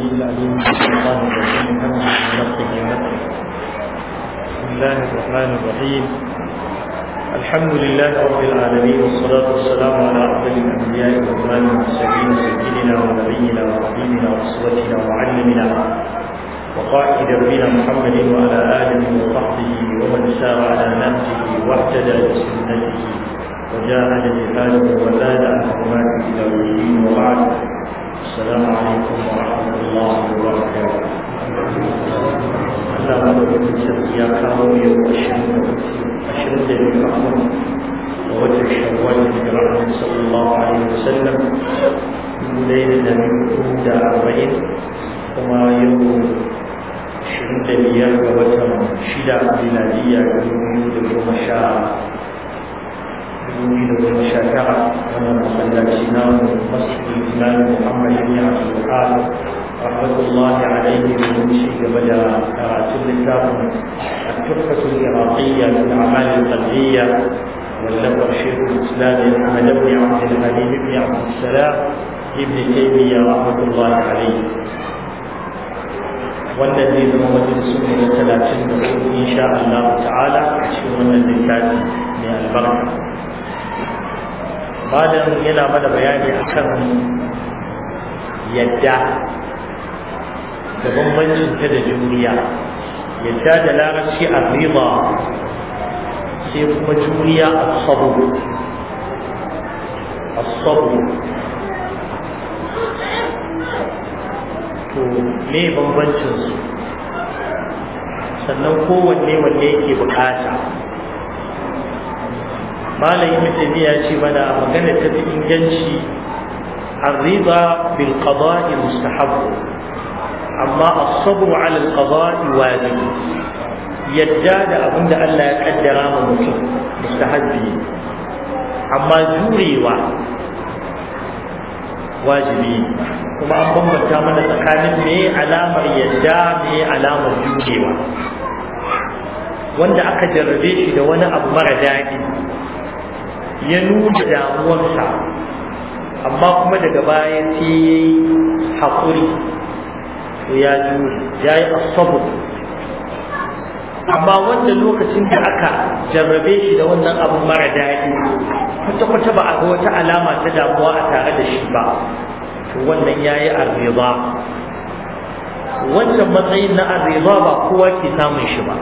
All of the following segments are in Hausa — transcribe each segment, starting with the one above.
بسم الله الرحمن الرحيم الحمد لله رب العالمين والصلاة والسلام على أفضل الأنبياء وإمام المرسلين سيدنا ونبينا وحبيبنا وأسوتنا وعلمنا وقائد ربنا محمد وعلى آله وصحبه ومن سار على نهجه واهتدى بسنته وجاهد جهاده وزاد عن حرمات إلى الدين وبعد السلام عليكم ورحمة الله وبركاته. لا بد من سبيل كرمي وشهد الكرم ووجه الشوال الكرم صلى الله عليه وسلم من ليلة من كود عربين وما يقول شهد الياك وتم شدة بلادية من كود الرمشاء يريد الشاكرة ومن صلى الإمام مسجد الإمام محمد بن عبد الوهاب رحمة الله عليه من شيء بدا كاتب الكافر التحفة العراقية للأعمال القلبية واللغة شيخ الإسلام أحمد بن عبد الحليم بن عبد السلام ابن تيمية رحمة الله عليه والذي محمد السنة 30 إن شاء الله تعالى في من الكاتب من البركة malam yana mana bayani akan yadda da bambancin ta da juriya yadda da larabci a riba sai kuma juriya a sabu a sabu to me bambancin su sannan kowanne wanne yake bukata malai mutum ya ce mana magana ta fi inganci الرضا بالقضاء مستحب أما الصبر على القضاء واجب yadda da abinda Allah ya kaddara ma mutum mustahabbi amma jurewa wajibi kuma an bambanta mana tsakanin me alamar yadda me alamar jurewa wanda aka jarrabe shi da wani abu mara daɗi ya nuna damuwarsa amma kuma daga baya ce ya yi haƙuri to ya jure ya yi asabu amma wanda lokacin da aka jarrabe shi da wannan abu mara daɗi kwata-kwata ba a ga wata alama ta damuwa a tare da shi ba to wannan ya yi arziba wancan matsayin na arziba ba kowa ke samun shi ba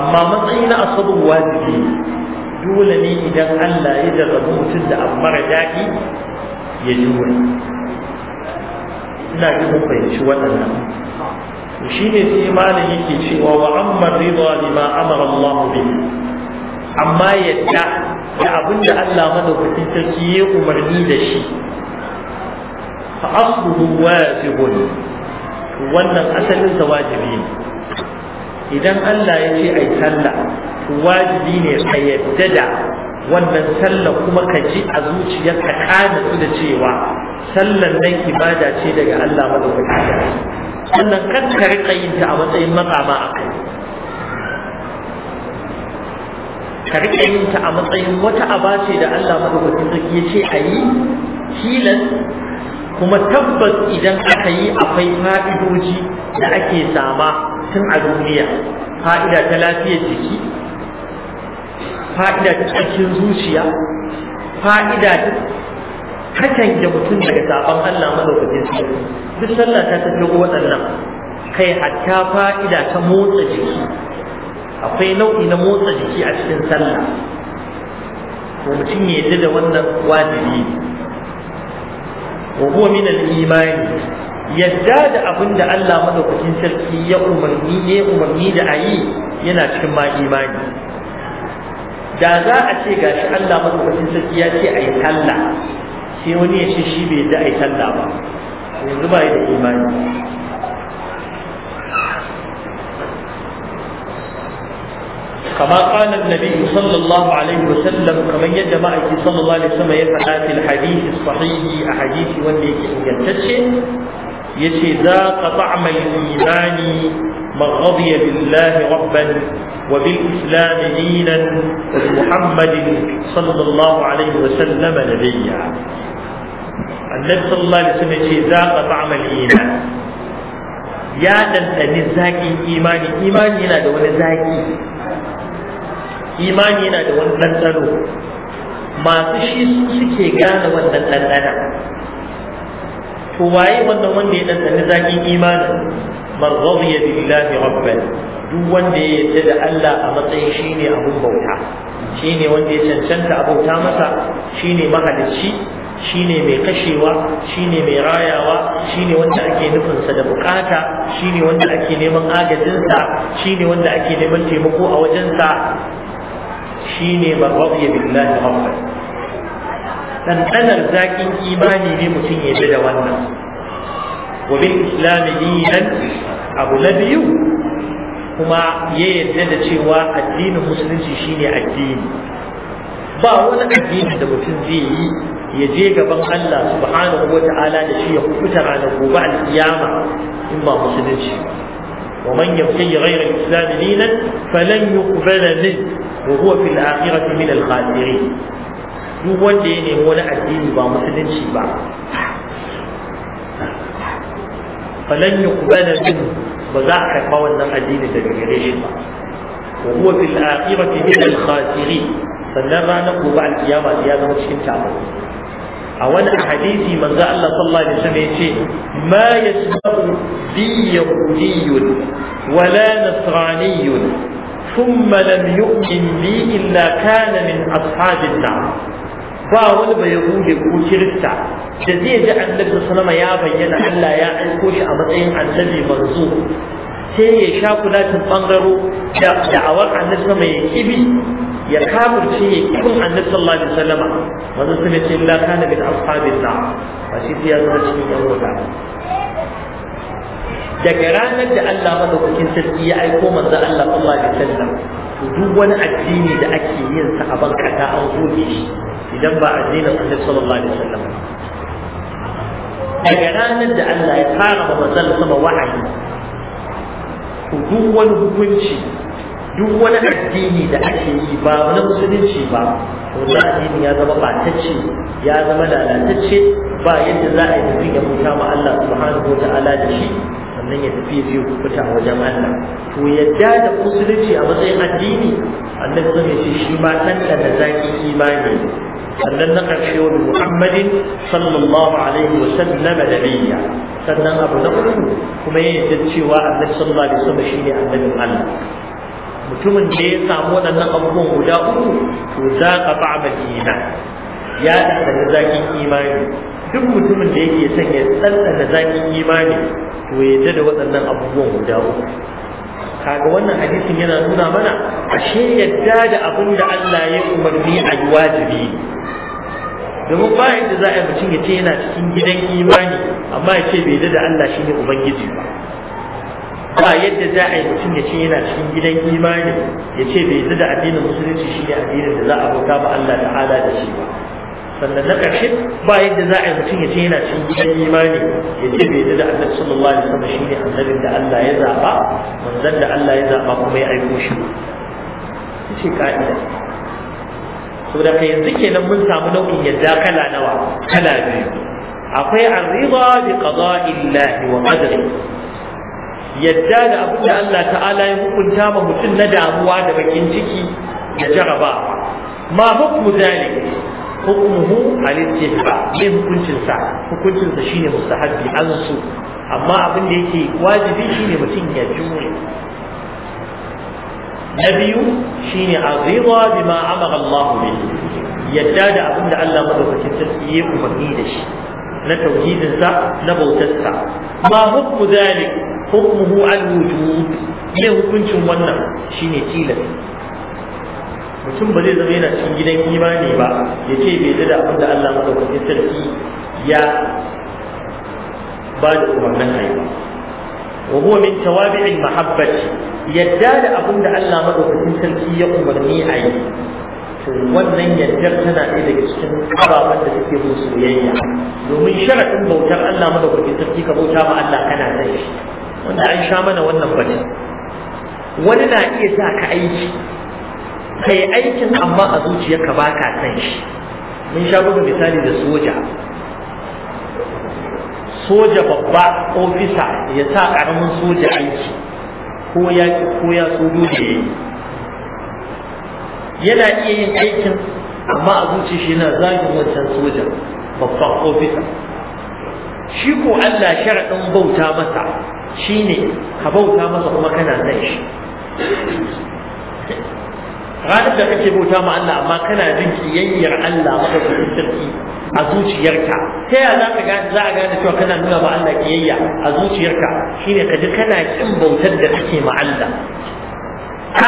amma matsayin na asabu wajibi dole ne idan Allah ya jarrabu mutum da abu daɗi ya jure ina ji mun fahimci waɗannan shi ne sai malam yake cewa wa amma rida lima amara Allah bihi amma yadda da abin da Allah madaukakin sarki ya umarni da shi fa asluhu wajibun wannan asalin sa wajibi ne idan Allah ya ce ai sallah wajibi ne ka yadda da wannan sallar kuma ka ji a zuciyarka ka su da cewa sallar nan ibada ce daga Allah madaukaki sannan kan ka riƙa yin ta a matsayin matsama a kai ka riƙa yin ta a matsayin wata aba ce da Allah madaukaki sarki ya ce a yi tilas kuma tabbas idan aka yi akwai fa'idoji da ake sama tun a duniya fa'ida ta lafiyar jiki fa'ida ta cikin zuciya fa'ida ta da mutum daga sabon Allah madaukakin su duk sallah ta tafi waɗannan kai hatta fa'ida ta motsa jiki akwai nau'i na motsa jiki a cikin sallah ko mutum ya yi da wannan wajibi wa huwa min al-imani yadda da abin da Allah madaukakin sarki ya umarni ne, umarni da ayi yana cikin ma imani da za a ce gashi Allah madaukakin sarki ya ce a yi sallah sai wani ya ce shi bai da a yi sallah ba yanzu ba da imani كما قال النبي صلى الله عليه وسلم كما يدى معك صلى الله عليه وسلم يفعل في الحديث الصحيح أحاديث وليك إن يتشي يتي ذاق طعم الإيمان من رضي بالله ربا وبالإسلام دينا وبمحمد صلى الله عليه وسلم نبيا النبي صلى الله عليه وسلم ذاق طعم الإيمان يا دندني زاكي إيماني إيماني لا دون زاكي إيماني لا دون دندنو ما تشي سكي غانا وندن دندنا to waye wannan wanda ya dantane zakin imanin man radiya billahi rabban duk wanda ya yarda da Allah a matsayin shine abun bauta shine wanda ya cancanta bauta masa shine mahalicci shine mai kashewa shine mai rayawa shine wanda ake nufinsa da bukata shine wanda ake neman agajinsa shine wanda ake neman taimako a wajensa shine man radiya billahi rabban zakin imani ne mutum ya da wannan wa bil abu na biyu kuma ya yarda da cewa addinin musulunci shine addini ba wani addini da mutum zai yi ya je gaban Allah subhana wa ta'ala da shi ya kubuta ranar gobe al-kiyama in ba musulunci wa man yabtaji ghayra al-islam dinan falan yuqbala min wa huwa fil akhirati min al duk wanda ya nemi wani addini ba musulunci ba فلن يقبل منه وذاك قول لم أدين تجريجه وهو في الآخرة من الخاسرين فنرى نقوم بعد القيامة زيادة وشكين تعمل أولا حديثي من ذا الله صلى الله عليه وسلم شيء ما يسمع بي يهودي ولا نصراني ثم لم يؤمن بي إلا كان من أصحاب النار ba wani bai hude ko kirista da zai ji annabi sallama ya bayyana Allah ya aiko shi a matsayin annabi manzo sai ya sha kulatin bangaro da da'awar annabi sallama ya kibi ya kafirce ya kibin annabi sallallahu alaihi wasallama manzo sai ya ce la kana min ashabillah ba shi ya zama cikin yan wuta daga ranar da Allah madaukakin sarki ya aiko manzo Allah sallallahu alaihi wasallam duk wani addini da ake yin sa a bankata an goge shi idan ba addinin annabi sallallahu alaihi wasallam daga ranar da Allah ya fara wa manzon sama wa'ayi to duk wani hukunci duk wani addini da ake yi ba wani musulunci ba to da addini ya zama batacce ya zama lalatacce ba yadda za a yi tafi ya mutu ma Allah subhanahu ta'ala da shi sannan ya tafi biyu kuta wajen Allah to yadda da musulunci a matsayin addini annabi zai ce shi ma tantance zaki imani sannan na ƙarshe wani muhammadin sallallahu alaihi wa sallama nabiyya sannan abu na uku kuma ya yarda cewa annabi sallallahu alaihi wasallam shine annabin Allah mutumin da ya samu waɗannan abubuwan guda uku to za ka ba'ama dina ya tsada zakin imani duk mutumin da yake son ya tsada zakin imani to ya da waɗannan abubuwan guda uku kaga wannan hadisin yana nuna mana ashe yadda da abin da Allah ya umarni a wajibi domin ba yadda za a yi mutum ya ce yana cikin gidan imani amma ya ce bai da Allah shi ne ubangiji ba ba yadda za a yi mutum ya ce yana cikin gidan imani ya ce bai da addinin musulunci shi ne addinin da za a bauta ba Allah ta'ala da shi ba sannan na ƙarshe ba yadda za a yi mutum ya ce yana cin gidan imani ya ce bai da annabi sallallahu alaihi wasallam shine annabin da Allah ya zaba manzon da Allah ya zaba kuma ya aiko shi ce ka'ida saboda kai yanzu kenan mun samu nau'in yadda kala nawa kala biyu akwai arriba bi qada'illahi wa qadari yadda da abin da Allah ta'ala ya hukunta ma mutum na damuwa da bakin ciki da jaraba ma hukmu zalik hukmuhu al-istihba me hukuncin sa hukuncin sa shine mustahabbi an su amma abin da yake wajibi shine mutum ya jure na biyu shine azira bima amara Allah bihi yadda da abin da Allah madaukakin sarki ya umarni da shi na tauhidin sa na bautar sa ma hukmu zalik hukmuhu al-wujub me hukuncin wannan shine tilas mutum ba zai zama yana cikin gidan imani ba ya ce bai da abin da Allah madaukakin sarki ya ba da umarnin ayi ba wa huwa min tawabi'il mahabbati yadda da abin da Allah madaukakin sarki ya umarni ayi to wannan yardar tana ɗaya daga cikin ababen da suke mun soyayya domin sharaɗin bautar Allah madaukakin sarki ka bauta ma Allah kana san shi wanda an sha mana wannan bane wani na iya sa ka aiki kai aikin amma a zuciyarka ba ka san shi mun sha buga misali da soja soja babba ofisa ya sa karamin soja aiki ko ya ko ya so yayi yana iya yin aikin amma a zuci shi yana zagin wancan soja babban ofisa shi ko Allah sharadin bauta masa shine ka bauta masa kuma kana san shi ranar da kake bauta ma Allah amma kana jin kiyayyar Allah maka kuɗin sarki a zuciyarka ta yaya za za a gane cewa kana nuna ma Allah kiyayya a zuciyarka shine ka ji kana kin bautar da kake ma Allah ka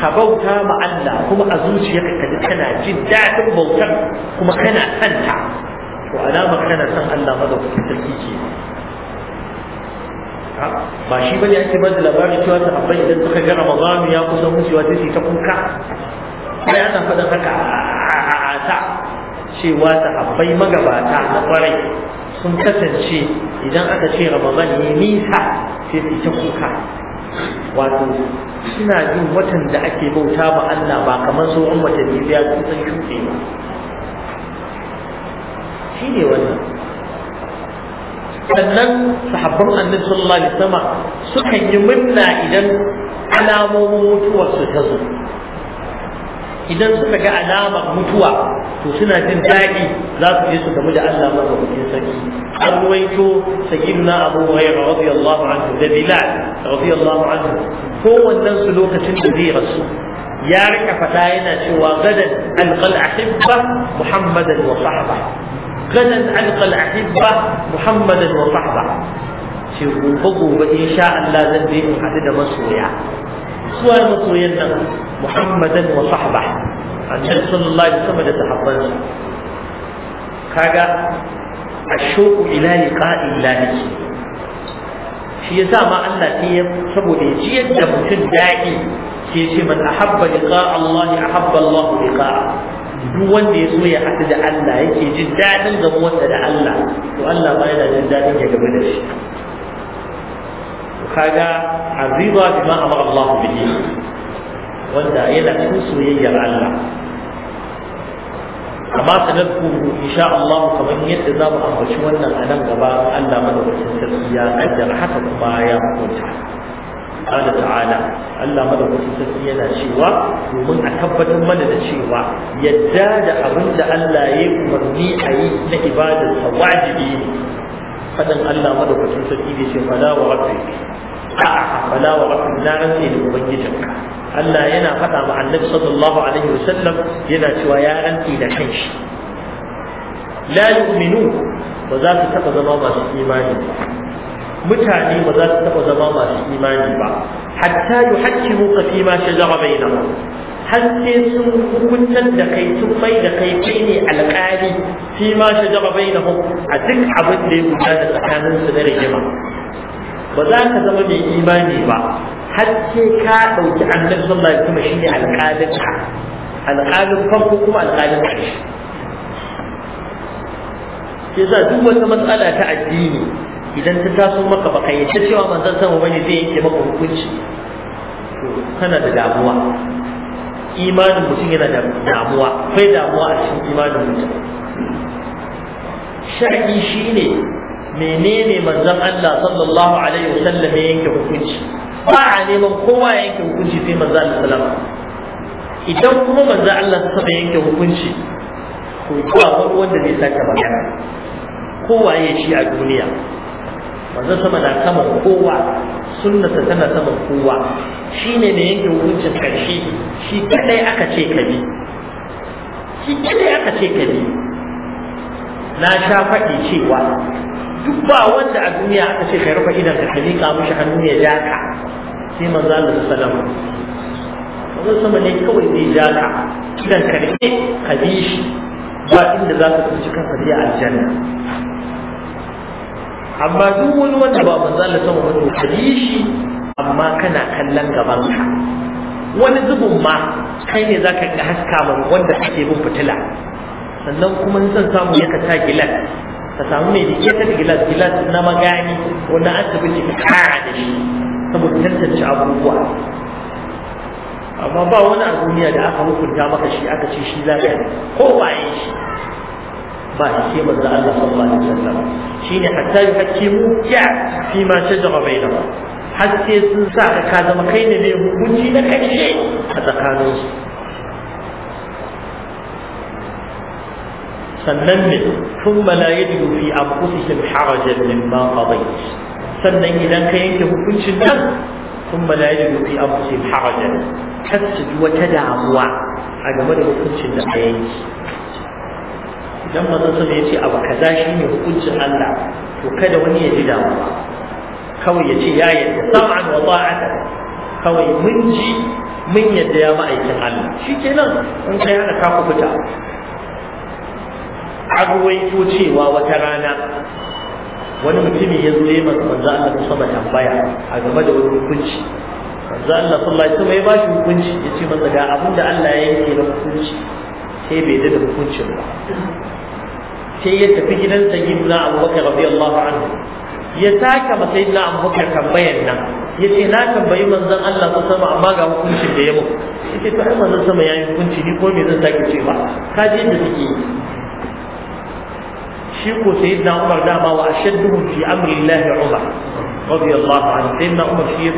ka bauta ma Allah kuma a zuciyarka ka ji kana jin daɗin bautar kuma kana santa to alama kana san Allah maka kuɗin sarki ke ba shi bane ake ba labarin cewa sahabbai idan suka ga Ramadan ya kusa wucewa sai su ta kuka sai ana faɗin haka a ta cewa sahabbai magabata na kwarai sun kasance idan aka ce Ramadan ya nisa sai su ta kuka wato suna jin watan da ake bauta ba Allah ba kamar sauran watanni ya kusan shuɗe ba shi ne wannan sannan sahabban annabi sallallahu alaihi wasallam sukan yi murna idan alamomin mutuwar su ta zo idan suka ga alamar mutuwa to suna jin daɗi za su je su gamu da Allah madaukakin sarki an ruwaito sayyiduna Abu Hurairah radiyallahu anhu da Bilal radiyallahu anhu wannan su lokacin da zai rasu ya rika fada yana cewa gadan alqal ahibba muhammadan wa sahaba gadan alqal ahibba muhammadan wa sahba ce gobe gobe in sha Allah zan je in haɗu da masoya suwa masoyan nan muhammadan wa sahba annabi sallallahu alaihi wasallam da sahabbansa kaga ashauku ila liqa'i llahi shi yasa ma Allah sai ya saboda ya ji yadda mutum da'i sai ya ce man ahabba liqa Allah ahabba Allah liqa'a duk wanda ya so ya haɗu da Allah yake jin daɗin gamuwarsa da Allah to Allah ba yana jin daɗin ya gamu da shi kaga arriba bima amara Allah bihi wanda yana cikin soyayyar Allah amma sanadkuru insha Allah kamar yadda za mu ambaci wannan a nan gaba Allah madaukakin sarki ya kaddara haka kuma ya hukunta qala ta'ala Allah madaukakin sarki yana cewa domin a tabbatar mana da cewa yadda da abin da Allah ya umarni a yi na ibadar sa ne fadan Allah madaukakin sarki bai ce fala a'a Allah yana faɗa wa annabi sallallahu alaihi sallam yana cewa ya rantsi da kanshi la yu'minu ba za su taɓa zama masu imani ba mutane ba za su taɓa zama masu imani ba hatta yi hakki muka fi ma shi zama bai nan har sai sun hukuntar da kai sun mai da kai kai ne alƙali fi ma shi zama bai nan a duk abin da ya kuta da tsakaninsu na rigima ba za ka zama mai imani ba har sai ka ɗauki annabi sallallahu alaihi wasallam shine alƙalin ka alƙalin farko kuma alƙalin ƙarshe yasa duk wata matsala ta addini idan ta taso maka baka ta cewa san sama bane zai yanke maka hukunci to kana da damuwa imanin mutum yana da damuwa akwai damuwa a cikin imanin mutum sha'ani shine menene manzon Allah sallallahu alaihi wasallam ya yanke hukunci ba a neman kowa ya yanke hukunci sai manzon Allah sallallahu alaihi idan kuma manzon Allah sallallahu ya yanke hukunci ko ba wanda zai saka magana kowa ya shi a duniya wanda sama na sama kowa sunnata tana sama kowa shine ne yanke wucin karshe shi kadai aka ce ka bi shi kadai aka ce ka bi na sha faɗi cewa duk ba wanda a duniya aka ce ka rufe idan ka miƙa mishi hannu ya ja ka sai manzo Allah sallama manzo sama ne kawai zai ja ka idan ka ka bi shi ba inda za ka tsinci kanka a aljanna amma duk wani wanda ba manzo Allah sama ba to shi amma kana kallon gaban ka wani zubin ma kai ne zaka ga haska mun wanda kake bin fitila sannan kuma in san samu yaka ta gilas ka samu mai dike ta gilas gilas na magani ko na asibiti ka kara da shi saboda tantance abubuwa amma ba wani a duniya da aka hukunta maka shi aka ce shi zaka ko waye shi ba shi ke manzo Allah sallallahu alaihi wasallam shine hatta yuhakkimu ya fi ma shajara bainahum har sai sun sa ka ka zama kai ne mai hukunci na karshe a tsakanin su sannan ne a malayi fi harajar min mimma qadayt sannan idan ka yanke hukuncin nan sun a fi anfusihim harajan kasu wata damuwa a game da hukuncin da ka yanke idan manzon sama ya ce abu kaza shi ne hukuncin Allah to kada wani ya ji ba kawai ya ce ya yadda sam'an wa ta'ata kawai mun ji mun yadda ya ma'aikin Allah shi kenan in kai haka ka kubuta agwaito cewa wata rana wani mutumin ya zo ya masa manzo Allah saba tambaya a game da wani hukunci manzo Allah sallallahu alaihi wasallam ya ba shi hukunci ya ce masa ga abinda da Allah ya yanke na hukunci sai bai da hukuncin ba sai ya tafi gidan sayyidina abubakar radiyallahu anhu ya saka ma sayyidina abubakar tambayar nan ya ce na tambayi manzon Allah ta sama amma ga hukuncin da ya mu yace to tafi manzon sama ya yi hukunci ni ko me zan sake cewa ka ji da suke shi ko sayyidina Umar dama wa ashadduhum fi amri Allah Umar radiyallahu anhu sai na umar shi ya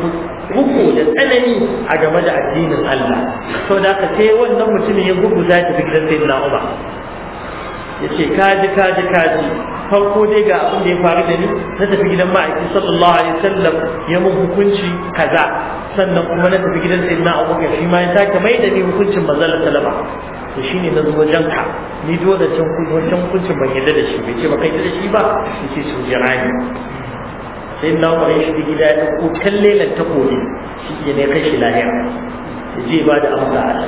ruku da tsanani a game da addinin Allah to da ka sai wannan mutumin ya gugu za ta gidan sai na umar yace kaji kaji kaji farko dai ga abin da ya faru da ni na tafi gidan ma'aiki sallallahu alaihi wasallam ya mun hukunci kaza sannan kuma na tafi gidan shi ma ya sake mai da ni hukuncin manzon sallama to na zo wajen ka ni dole can hukuncin ban yadda da shi bai ce ba kai da shi ba yace su jirani sai na umar ya shiga gida ya ɗauko kalle lan takobi shi ke ne kai shi lahira ya je ba da amsa a can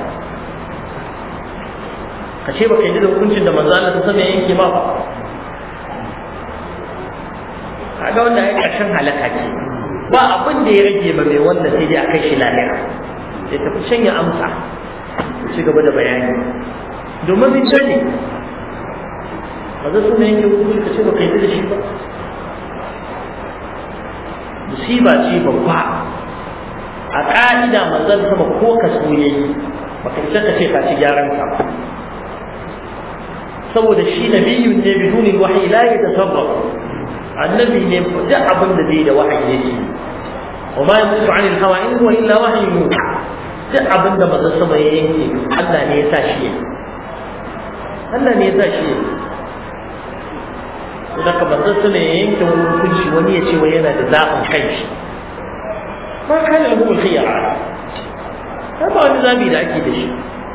ka ce baka yi da hukuncin da manzo Allah ta sama yanke ma ba kaga wanda ya ƙarshen halaka ce ba abin da ya rage ba mai wanda sai dai a kai shi lahiya Sai ta fi shanya amsa ku ci gaba da bayani domin bin ne ba zai so yanke hukunci ka ce baka yi da shi ba musiba ce babba a ƙa'ida manzon sama ko ka so yayi baka isa ka ce ka ci gyaran ka saboda shi nabiyyun ne bidunin wahyi la yatasarraf annabi ne duk abin da zai da wahayi yake wa ma an anil hawa in huwa illa wahyu duk abin da manzon sama ya yanke Allah ne ya sa shi Allah ne ya sa shi to daga manzon sama ya yanke wani hukunci wani ya ce wai yana da zaɓin kanshi ma kana da mu'min khiyara ba wani zabi da ake da shi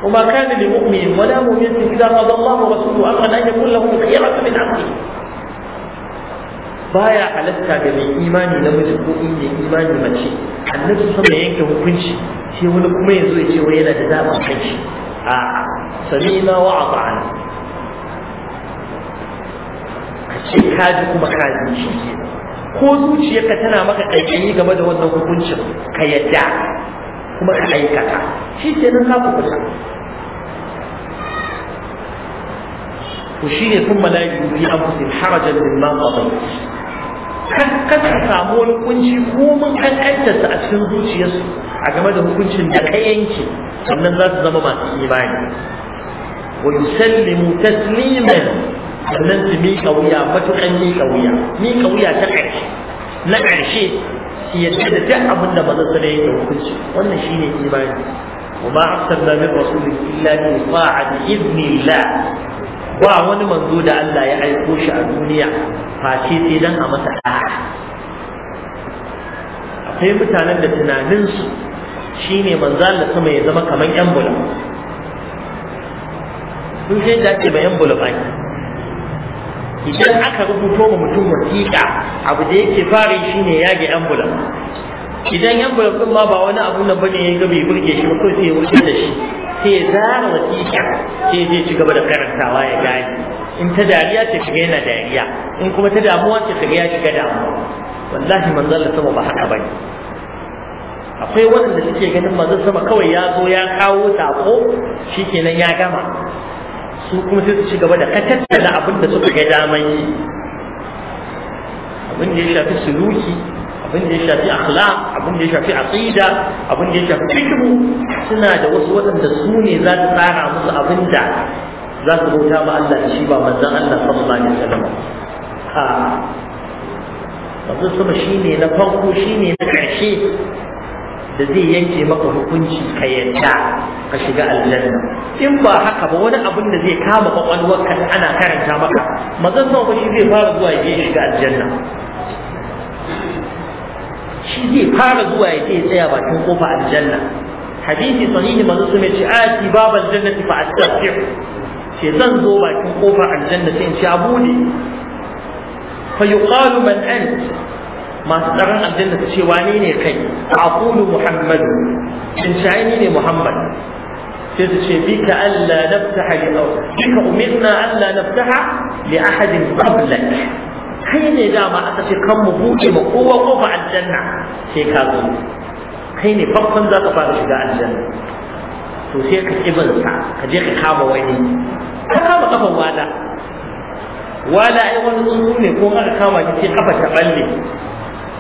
وما كان لمؤمن ولا مؤمنة إذا قضى الله ورسوله أمرا أن يكون لهم الخيرة من أمره baya halatta da mai imani na miji ko in yi imani mace annabi sai sama yanke hukunci shi wani kuma yanzu ya ce wai yana da dama kanshi a sami na wa a sai ka ji kuma ka ji shi ko zuciyarka tana maka ƙaiƙayi game da wannan hukuncin ka yadda kuma ka aikata shi ke nan ka kusa to shi ne sun mala'i fi an fi harajan mimma qadayt kan kan ka samu wani kunci ko mun kan kantarsa a cikin zuciyarsu a game da hukuncin da ka yanke sannan za su zama masu imani wa yusallimu tasliman sannan su miƙa wuya matuƙan miƙa wuya miƙa wuya ta ƙarshe na ƙarshe su yadda da duk abin da manzon sallallahu alaihi wasallam hukunci wannan shine imani وما أرسلنا من رسول إلا ليطاع بإذن ne, ba a izini Ba wani manzo da Allah ya aiko shi a duniya face sai dan a masa da'a akwai mutanen da tunaninsu shine manzo Allah sama ya zama kamar yan bulan sun sai da ake ba yan bulan ake idan aka rubuto ma mutum wasiƙa abu da yake fara fari shine yage ambulan idan ambulan din ma ba wani abu na bane ya ga bai burge shi ko sai ya wuce da shi sai ya zara wasiƙa sai zai ci gaba da karantawa ya gane in ta dariya ce kaga yana dariya in kuma ta damuwa ce kaga ya shiga damuwa wallahi manzon Allah sama ba haka bane akwai waɗanda suke ganin manzan sama kawai ya zo ya kawo sako shikenan ya gama su kuma sai su ci gaba da katattala abin da suka ga daman yi abin da ya shafi suluki abin da ya shafi akhla, abin da ya shafi aqida abin da ya shafi fiqh suna da wasu waɗanda su ne za su tsara musu abin da za su bauta ma Allah da shi ba manzon Allah sallallahu alaihi wasallam ha abin sama shine na farko shine na ƙarshe da zai yanke maka hukunci ka yadda ka shiga aljanna in ba haka ba wani abin da zai kama kwakwalwarka da ana karanta maka mazan ba shi zai fara zuwa ya shiga aljanna shi zai fara zuwa ya je tsaya bakin kofa aljanna hadisi sahihi manzo sun ce ati babal jannati fa astaqim ce zan zo bakin kofa aljanna sai in ci abu ne fa yuqalu man anta masu tsaron aljanna su ce wane ne kai aqulu muhammadu in shayini ne muhammad sai su ce bika alla naftaha li bika umirna alla naftaha li ahadin qablak kai ne dama aka ce kan mu buɗe ma kowa kofa aljanna sai ka zo kai ne farkon za ka fara shiga aljanna to sai ka kibinsa ka je ka kama wani ka kama kafan wala wala ai wani tsuntsu ne ko aka kama shi sai kafa ta balle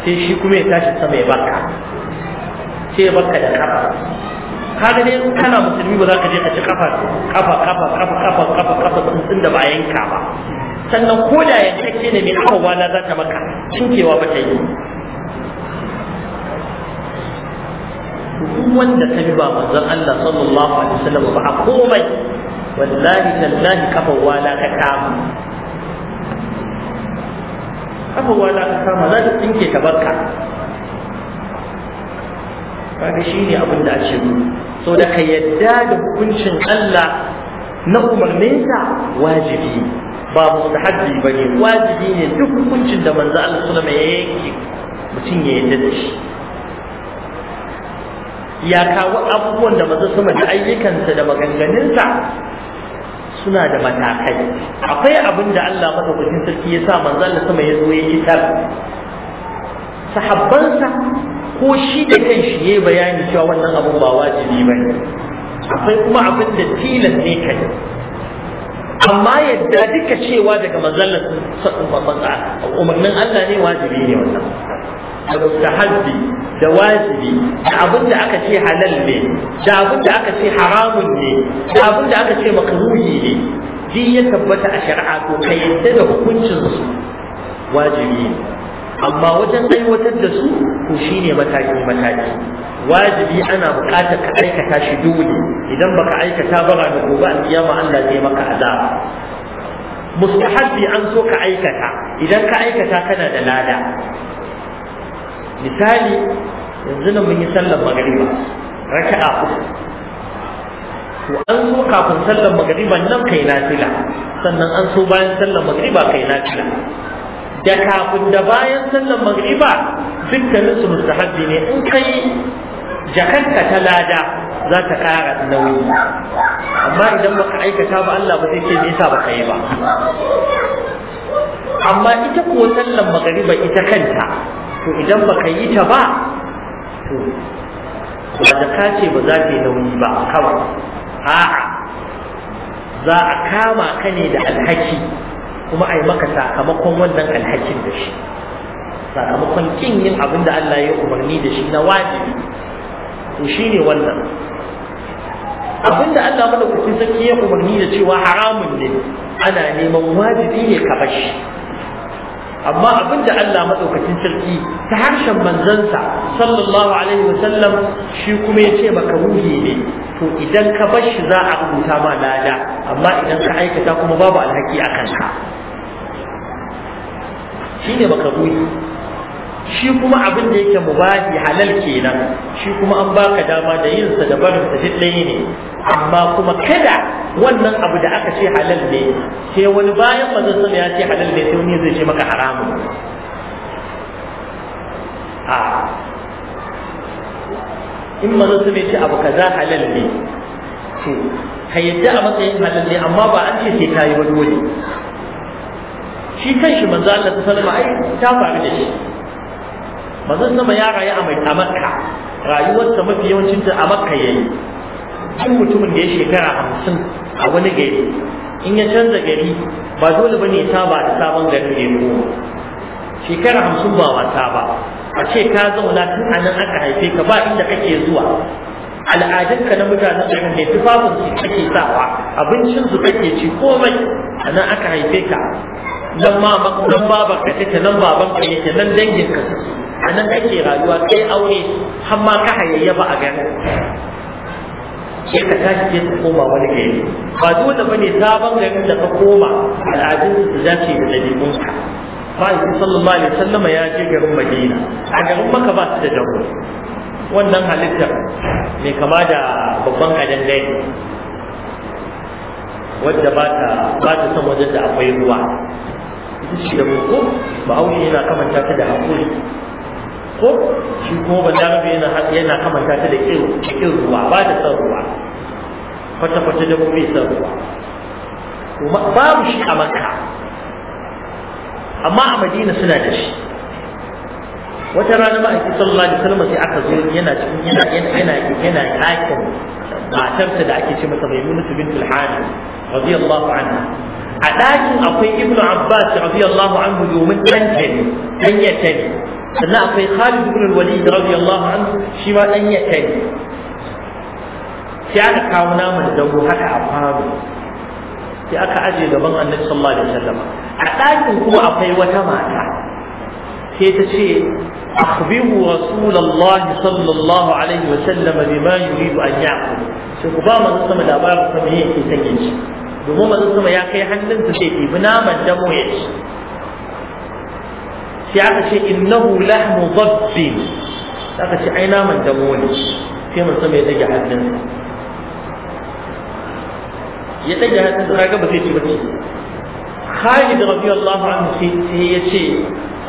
sai shi kuma ya tashi sama ya baka sai ya baka da kafa kaga dai kana musulmi ba za ka je ka ci kafa kafa kafa kafa kafa kafa kafa tsuntsun da ba a yanka ba sannan ko da yankacce ne mai kawowa na za ta maka cinkewa ba ta yi duk wanda ta bi ba manzon Allah sallallahu alaihi wasallam ba a komai wallahi tallahi kafa wala ka kama kafawa za ka kama za ta tsinke ta barka kaga ne abin da ake yi so da ka yadda da hukuncin Allah na umarninsa wajibi ba mustahabbi bane wajibi ne duk hukuncin da manzo Allah sallama ya yanke mutum ya yadda da shi ya kawo abubuwan da manzo sama da ayyukansa da maganganunsa suna da matakai akwai abin da Allah madaukakin sarki ya sa manzon da sama ya zo ya kitar sahabbansa ko shi da kan shi ya bayani cewa wannan abin ba wajibi ba ne akwai kuma abin da tilas ne kai amma yadda duka cewa daga manzon umarnin Allah ne wajibi ne wannan da da wajibi da abin da aka ce halal ne da abin da aka ce haramun ne da abin da aka ce makruhi ne duk ya tabbata a shari'a ko ka yadda da hukuncin su wajibi amma wajen aiwatar da su ko shine mataki mataki wajibi ana buƙatar ka aikata shi dole idan baka aikata ba ga gobe alƙiyama Allah zai maka azaba mustahabbi an so ka aikata idan ka aikata kana da lada misali yanzu nan mun yi sallar magariba raka'a uku to an so kafin sallar magariba nan kai nafila sannan an so bayan sallar magariba kai nafila da kafin da bayan sallar magariba dukkanin su mustahabbi ne in kai jakanka ta lada za ta kara nauyi amma idan baka aikata ba Allah ba zai ce me yasa baka yi ba amma ita kuwa sallar magariba ita kanta to idan baka yi ta ba to ba da ka ce ba za ta yi nauyi ba kawai a'a za a kama ka ne da alhaki kuma a yi maka sakamakon wannan alhakin da shi sakamakon kin yin abin da Allah ya umarni da shi na wajibi to shine wannan abin da Allah mana madaukakin sarki ya umarni da cewa haramun ne ana neman wajibi ne ka bashi amma abin da Allah madaukakin sarki ta harshen manzansa sallallahu alaihi wasallam shi kuma ya ce maka ruhi ne to idan ka bar shi za a rubuta ma lada amma idan ka aikata kuma babu alhaki a kanka ne maka ruhi shi kuma abin da yake mubahi halal kenan shi kuma an baka dama da yin sa da barin sa ɗaya ne amma kuma kada wannan abu da aka ce halal ne sai wani bayan manzon sama ya ce halal ne sai wani zai ce maka haramun a in manzon sama ce abu kaza halal ne to ka yadda a matsayin halal ne amma ba an ce sai yi wani wani shi kanshi manzo Allah ta alaihi wasallam ai ta faru da shi manzon sama ya rayu a mai a makka rayuwarsa mafi yawancin ta a makka yayi duk mutumin da ya shekara hamsin a wani gari in ya canza gari ba dole bane ya saba da sabon gari ne ko shekara hamsin ba wasa ba a ce ka zauna tun a nan aka haife ka ba inda kake zuwa al'adunka na mutanen garin ne tufafin su kake sawa abincin su kake ci komai a nan aka haife ka nan ma baban take nan baban yake nan dangin ka suke a nan ake rayuwa kai aure har ma ka ba a gani sai ka tashi sai ka koma wani gari ba dole ba ne sabon garin da ka koma al'adun su dace da ba Fahimci sallallahu alaihi wasallam ya je garin Madina a garin Makka ba su da dawo wannan halittar mai kama da babban kadan dai wadda ba ta ba ta san wajen da akwai ruwa ita ce da ko ba aure yana kamanta ta da hakuri ko shi kuma balarabe yana yana kamanta ta da kin kin ruwa ba da san ruwa kwata kwata da kuma bai san ruwa kuma babu shi a makka amma a madina suna da shi wata rana ba ake sallallahu alaihi wasallam sai aka zo yana cikin yana yana yana ɗakin matarsa da ake ce masa maimunatu bintul hani radiyallahu anha a ɗakin akwai ibnu abbas radiyallahu anhu domin ɗan ne ɗan ya ne sannan akwai Khalid ibn al-Walid radiyallahu anhu shi ma dan ya kai sai aka kawo nama da dango haka a faru sai aka aje gaban Annabi sallallahu alaihi wasallam a ɗakin kuma akwai wata mata sai ta ce أخبروا رسول الله صلى الله عليه وسلم بما يريد أن يأكل شكرا ما نسمى لأبار سميه في shi. domin manzon sama ya kai hannunsa sai ɗibi naman damo ya ci sai aka ce innahu lahmu dhabbin aka ce ai naman damo ne sai mun sama ya dage hannun ya dage hannun kaga ba zai ci ba ce Khalid radiyallahu anhu sai ya ce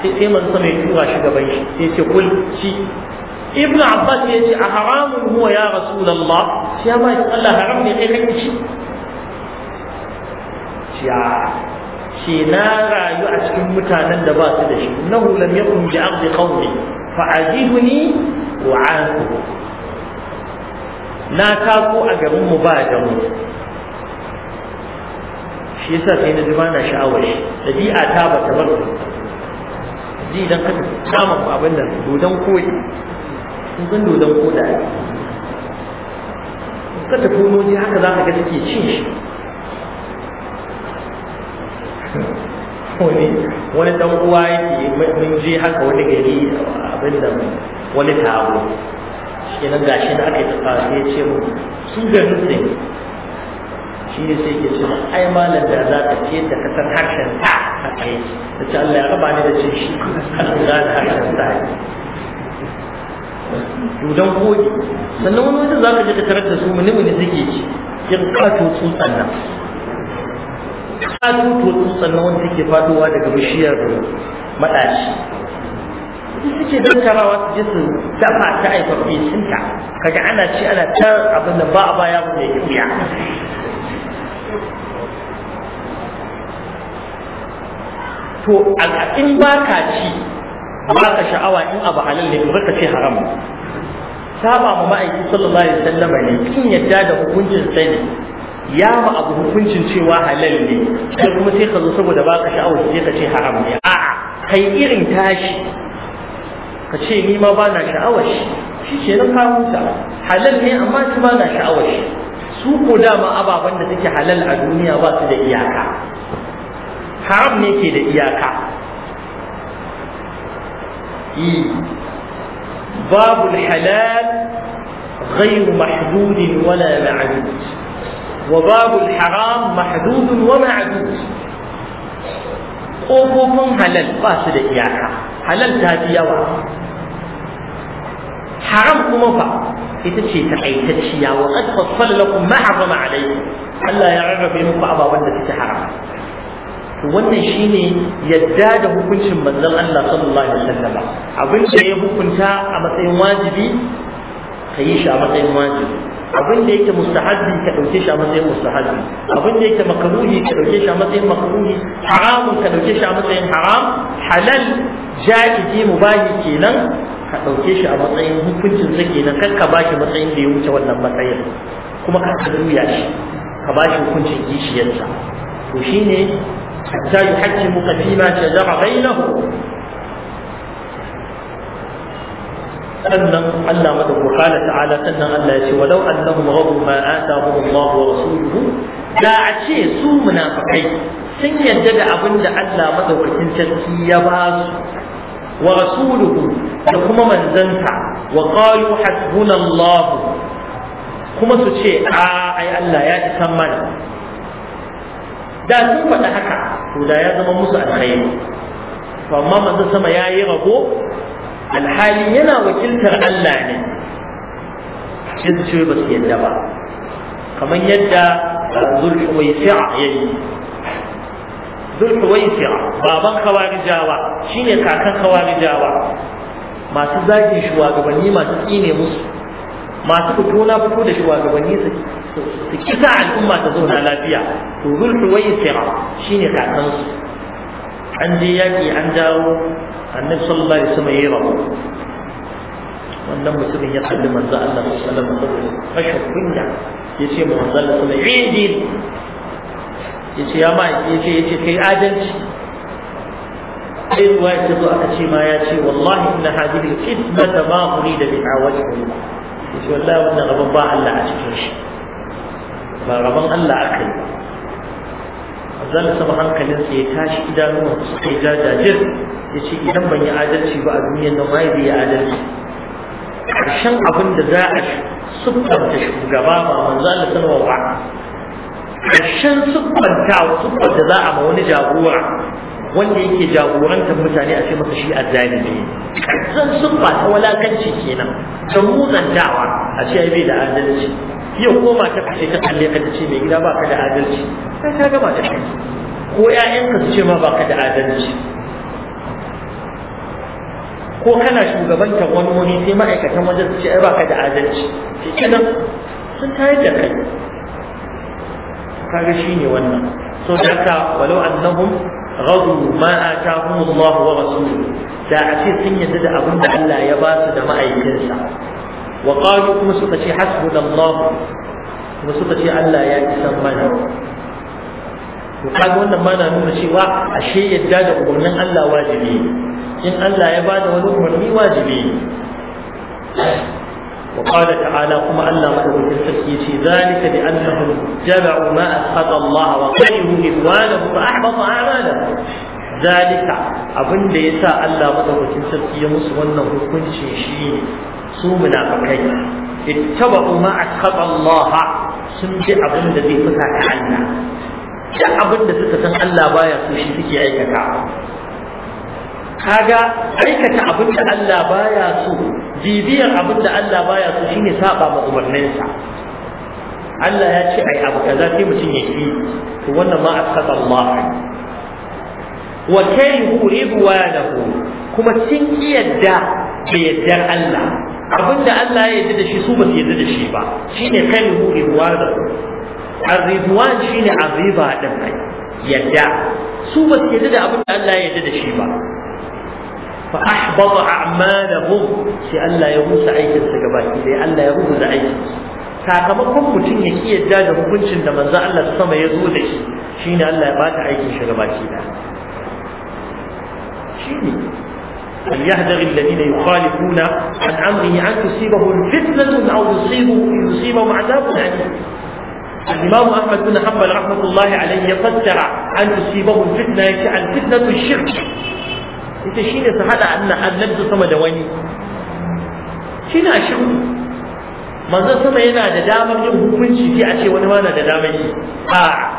sai mun sama ya tura shi gaban shi sai ya ce kul ci ibn abbas ya ce a haramun huwa ya rasulullah sai ma Allah haram ne kai kake ci ya ce na rayu a cikin mutanen da ba su da shi na lam yakun bi ardi qawmi fa ajibni wa anhu na kako a garin mu ba da mu shi yasa sai na jima na sha'awar shi dabi'a ta ba ta bar ji idan ka kama abin nan dodon koyi kun san dodon koda ka tafi wani haka za ka ga take cin shi wani wani dan uwa yake mun je haka wani gari abin da wani taro shi nan gashi da aka yi tafa sai ya ce mu su garin sai shi ne sai ke cewa ai malam da za ta ce da ka san harshen ta a kai da ce Allah ya raba ni da ce shi Allah za ta harshen ta dudan koki sannan wani wanda za ka je ka tarar da su muni muni suke ci yin kato tsutsan nan katutuwa sannan na wanda yake faduwa daga bishiyar maɗaci suke dankarawa su je su dafa ta aifaffe cinta kaga ana ci ana ta abin da ba a baya ba mai wuya to in ba ka ci ba ka sha'awa in abu halal ne ba ka ce haram saba mu ma'aiki sallallahu alaihi wasallam ne kin yadda da hukuncin sai ya ma abu hukuncin cewa halal ne sai kuma sai ka zo saboda baka ka sha'awar sai ka ce haram ne a a kai irin tashi ka ce ni ma ba na sha'awar shi shi ke nan ka huta halal ne amma ki ba na sha'awar shi su ko dama ababen da suke halal a duniya ba su da iyaka haram ne ke da iyaka babu halal غير محدود ولا معدود وباب الحرام محدود ومعدود أوفوكم حلال فاسد إياها حلال تاتي يا يوا حرام كمفا إتشي تحي تتشي يوا أتفصل لكم ما حرم عليكم ألا يعرف بمفا أبا وانا حرام وانا شيني يداد حكم شمال الله صلى الله عليه وسلم أبنك يبقى كنتا أما سيواجبي خيش أما سيواجبي abin da yake mustahabbi ka dauke shi a matsayin mustahabbi abin da yake makruhi ka dauke shi a matsayin makruhi haramun ka dauke shi a matsayin haram halal jaizi mubahi kenan ka dauke shi a matsayin hukuncin sa kenan kar ka bashi matsayin da ya wuce wannan matsayin kuma ka tsaruya shi ka bashi hukuncin kishiyarsa to shine hatta yuhaqqimuka fima shajara bainahum sannan Allah madaukakin qala ta'ala sannan Allah ya ce walau annahum radu ma atahum Allah wa rasuluhu da a ce su munafikai sun yarda da abin da Allah madaukakin sarki ya ba su wa rasuluhu da kuma manzanta wa qalu hasbuna Allah kuma su ce a ai Allah ya san mana da sun faɗa haka to da ya zama musu alkhairi to amma manzo sama yayi rago. alhali yana wakiltar Allah ne sai su ce ba su yadda ba kamar yadda uh, zulhuwaisi'a ya yi zulhuwaisi'a baban kawarijawa ne kakan kawarijawa masu zagin shugabanni masu kine musu masu fito na fito da shugabanni su kisa al'umma ta zauna lafiya to ne kakan kakansu an je yaƙi an dawo النبي صلى الله عليه وسلم يرى والنبي صلى الله عليه وسلم يقدم الله عليه وسلم فشر كنا يسي من الله عليه وسلم عيدين يسي يا ما يسي يسي كي عادت إذ ويتضع أتي ما ياتي والله إن هذه الكتمة ما أريد بها وجه الله يسي والله وإن غبان باع الله عشكش فغبان أكل الزلمة سبحانه كان يسي يتاش إدانه وصحي جاجة جرم ya ce idan ban yi adalci ba a duniyar nan waye zai yi adalci ƙarshen abin da za a subbanta shugaba ba manzo Allah sanarwa ba ƙarshen subbanta subbanta za a ma wani jagora wanda yake jagorantar mutane a ce masa shi ne. zan subba ta walakanci kenan ta muzantawa a ce bai da adalci yau ko mata ka ta kalle ka ta ce mai gida ba ka da adalci sai ta gama ta kai ko ƴaƴanka su ce ma ba ka da adalci ko kana shugabantar wani wani sai ma'aikatan wajen su ce ai baka da adalci shi kenan sun tayar da kai kaga shine wannan so da haka walau annahum غضوا ما آتاهم الله ورسوله da a ce sun yadda da abin da Allah ya ba su da ma'aikinsa wa qalu kuma suka ce hasbunallahu kuma suka ce Allah ya isan mana to kaga wannan ma na nuna cewa ashe yadda da umarnin Allah wajibi in Allah ya bada wani umarni wajibi wa qala ta'ala kuma Allah madaukakin sarki yace zalika bi annahum jaba'u ma aqada Allah wa qayyuhu ihwalahu fa ahbata a'malahu zalika abin da yasa Allah madaukakin sarki ya musu wannan hukunci shine su munafikai ittaba'u ma aqada Allah sun bi abin zai bai fita a Allah da abin suka san Allah baya so shi suke aikata kaga aikata abin da Allah baya so bibiyar abin da Allah baya so shine saba ma umarninsa Allah ya ce ai abu kaza sai mutum ya yi to wannan ma asqata Allah wa kayhu ridwanahu kuma sun yadda da yaddar Allah abin da Allah ya yadda da shi su ba su yadda da shi ba shine kayhu ridwanahu arridwan shine aziba din kai yadda su ba su yadda da abin da Allah ya yadda da shi ba fa ahbata a'malahum sai Allah ya rusa aikin su gabaki dai Allah ya rusa aikin sakamakon mutum ya ki yadda da hukuncin da manzo Allah sama ya zo da shi shine Allah ya bata aikin shi gabaki da shine أن يهدر الذين يخالفون عن أمره أن تصيبهم فتنة أو يصيبهم يصيبهم عذاب أليم الإمام أحمد بن حنبل رحمة الله عليه يفسر أن تصيبهم فتنة الفتنة الشرك ita ne su hada annabi sama da wani shine shiru manzo sama yana da damar yin hukunci sai a ce wani mana da damar yi a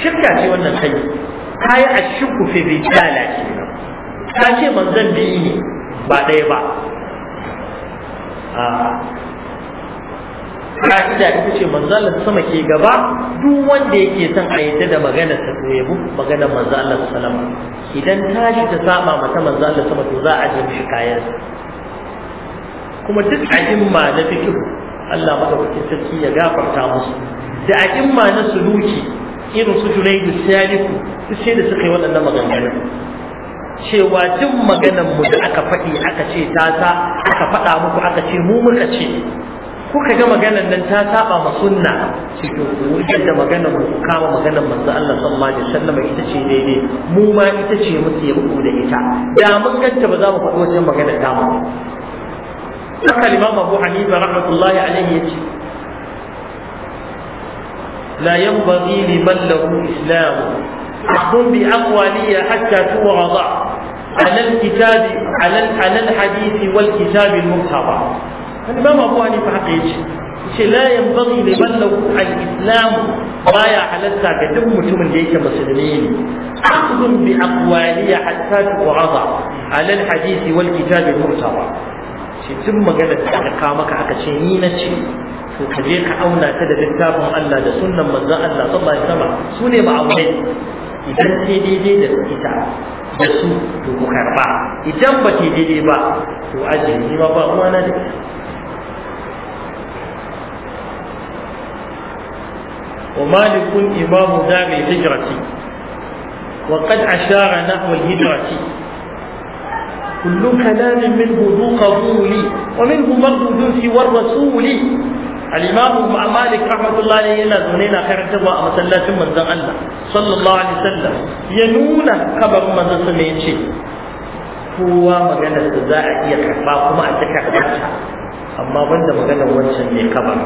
shirka ce wannan kai kai ashku fi rijala ka ce manzon biyu ne ba ɗaya ba ka'ida ita ce manzo Allah sama ke gaba duk wanda yake son a yadda da magana ta to ya magana manzo Allah sallama idan tashi ta saba mata manzo Allah sama to za a ji mishi kayan kuma duk ajimma na fikir Allah madaukakin sarki ya gafarta musu da ajimma na suluki irin su Junaidu Saliku su sai da suka yi waɗannan maganganu cewa duk maganar mu da aka faɗi aka ce ta ta aka faɗa muku aka ce mu muka ce kuka ga maganar nan ta saba ma sunna cikin wuriyar da maganar mu kama maganar manzo Allah sallallahu alaihi wasallam ita ce daidai mu ma ita ce muke rubu da ita da mun ganta ba za mu faɗi wajen maganar ta mu haka Imam Abu Hanifa rahmatullahi alaihi yace لا ينبغي لمن له إسلام أحكم بأقوالي حتى توعظ على الكتاب على الحديث والكتاب المرتضى al-imam abu hanifa haka yace ce la yanbaghi liman lahu al-islam baya halarta ga duk mutumin da yake musulmi ne akhdhun bi aqwaliya hatta tuqada ala al-hadith wal kitab al-murtaba ce duk magana da aka kawo maka ce ni na ce to ka je ka auna ta da littafin Allah da sunnan manzon Allah sallallahu alaihi wasallam su ne ba idan sai daidai da ita da su to ku karba idan ba ke daidai ba to ajiye ni ma ba uwana da ومالك إمام دار الهجرة وقد أشار نحو الهجرة كل كلام منه ذو قبول ومنه مردود في والرسول الإمام مالك رحمة الله عليه ينا ذنين أخير تبوا مسلات الله صلى الله عليه وسلم ينون خبر من سميتشي هو مجنة الزاعي يكفى وما أتكفى amma banda maganar wancan ne kabar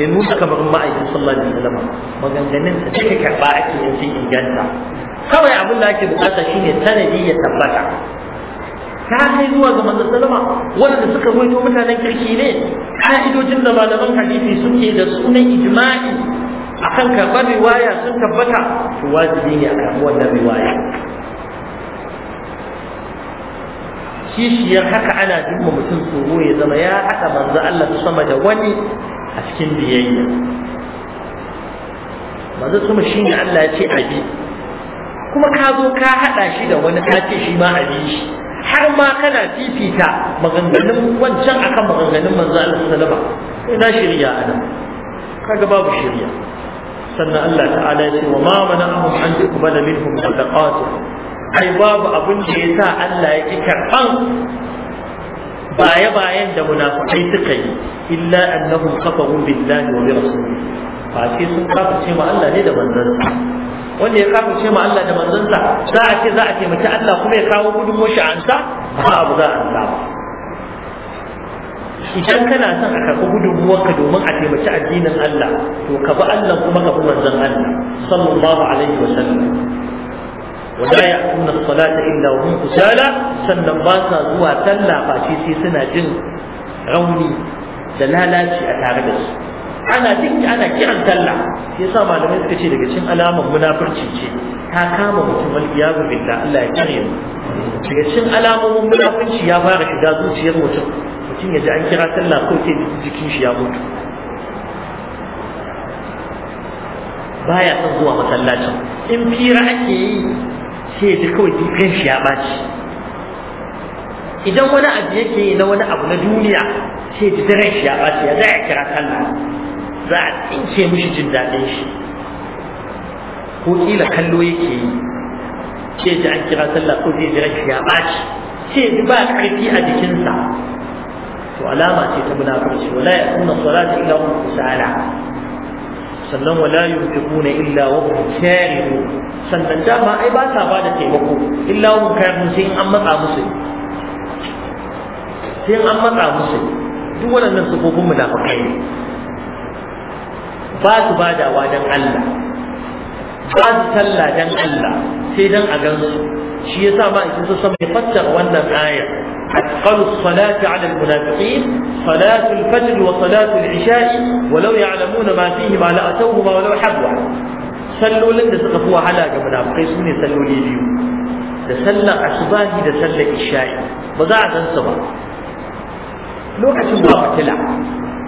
ya nuna kamar ma'aikin sallallahu alaihi wasallam maganganun da take karba ake yin sun inganta kawai abin da ake bukata shine sanadi ya tabbata ta kai zuwa ga manzon sallama wanda suka ruwaito mutanen kirki ne ka'idojin da malaman hadisi suke da sunan ijma'i akan karɓar riwaya sun tabbata to wajibi ne a karɓar wannan riwaya kishiyar haka ana jimma mutum tsoro ya zama ya haɗa manzo Allah sama da wani a cikin biyayya manzo shi ne Allah ya ce abi kuma ka zo ka haɗa shi da wani ka ce shi ma abi shi har ma kana fifita maganganun wancan akan maganganun manzo Allah sallama na shirya anan kaga babu shirya sannan Allah ta'ala ya ce wa ma mana'ahum an tuqbala minhum sadaqatuhum ai babu abin da ya sa Allah ya ki karɓan baya-bayan da munafukai suka yi illa annahum kafaru billahi wa bi rasulihi fa sai sun kafa ce ma Allah ne da manzansa wanda ya kafa ce ma Allah da manzansa za a ce za a taimaki Allah kuma ya kawo gudunmuwar shi an sa ba abu za a sa ba idan kana son a karɓi ka domin a taimaki addinin Allah to ka bi Allah kuma ka bi manzon Allah sallallahu alaihi wa sallam ولا يأتون الصلاة إلا وهم kusala, sannan ba sa zuwa talla face sai suna jin rauni da lalaci a tare da su ana duk ana kiran sallah sai sa malamai suka ce daga cikin alamar munafurci ce ta kama mutum wal iyadu billah Allah ya kare mu daga cikin alamomin munafurci ya fara shiga zuciyar mutum mutum ya ji an kira talla ko sai jikin shi ya mutu baya son zuwa masallacin in fira ake yi sai ya kawai jikin shi ya ɓaci idan wani abu yake yi na wani abu na duniya sai ji daren shi ya ɓaci ya za a kira sallah za a tsince mishi jin daɗin shi ko ƙila kallo yake yi sai ji an kira sallah ko zai daren shi ya ɓaci sai ji ba ƙarfi a jikinsa to alama ce ta munafurci wala ya kuna salata illa hum kusala sannan wala yunfiquna illa wa hum karihu sannan dama ai ba sa ba da taimako illa wa hum karihu sai an matsa musu sai an matsa musu duk waɗannan sufofin munafikai ne ba su badawa dan Allah ba su sallah dan Allah sai dan a gan su. shi yasa ma idan su san mai fassara wannan ayar أثقل الصلاة على المنافقين صلاة الفجر وصلاة العشاء ولو يعلمون ما فيهما لأتوهما ولو حبوا سلوا لن تسقطوا على قبل أبقي سنة سلوا لي اليوم تسلى عصباه تسلى إشاء وضع تنصبه لو كنت ما بتلع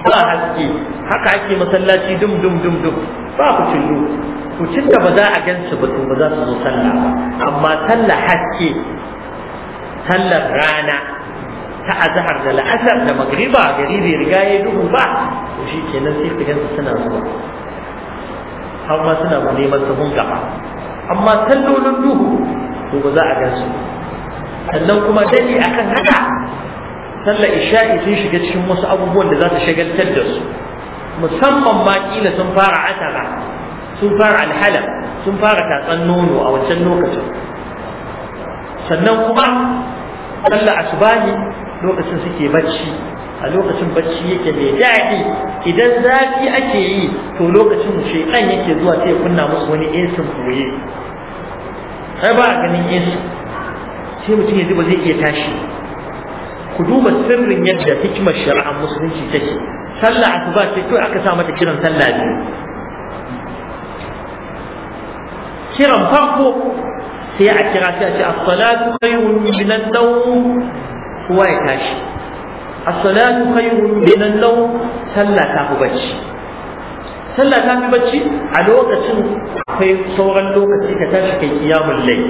ما حكي حق عكي مسلاتي دم دم دم دم ما بتلو وشنت بدا أجنس بطو بدا تسلى أما سلى حكي سلى رانا ta azhar da la'asar da magriba gari bai riga ya duhu ba to shi kenan sai suna zuwa har ma suna neman sahun gaba amma sallolin duhu to ba za a gansu sannan kuma dani akan haka sallar isha'i sun shiga cikin wasu abubuwan da za su shagaltar da su musamman ma kila sun fara asara sun fara alhala sun fara tatsan nono a wancan lokacin sannan kuma sallar asubahi lokacin suke bacci a lokacin bacci yake mai daɗi idan zafi ake yi to lokacin shaitan yake zuwa sai ya kunna musu wani esin koye sai ba a ganin esin sai mutum yanzu ba zai iya tashi ku duba sirrin yadda hikimar shari'ar musulunci take sallah asuba ce kawai aka sa mata kiran sallah biyu kiran farko sai a kira sai a ce as-salatu khayrun min an kowa ya tashi as-salatu khayrun min an-nawm sallah ta fi bacci sallah ta fi bacci a lokacin akwai sauran lokaci ka tashi kai qiyamul layl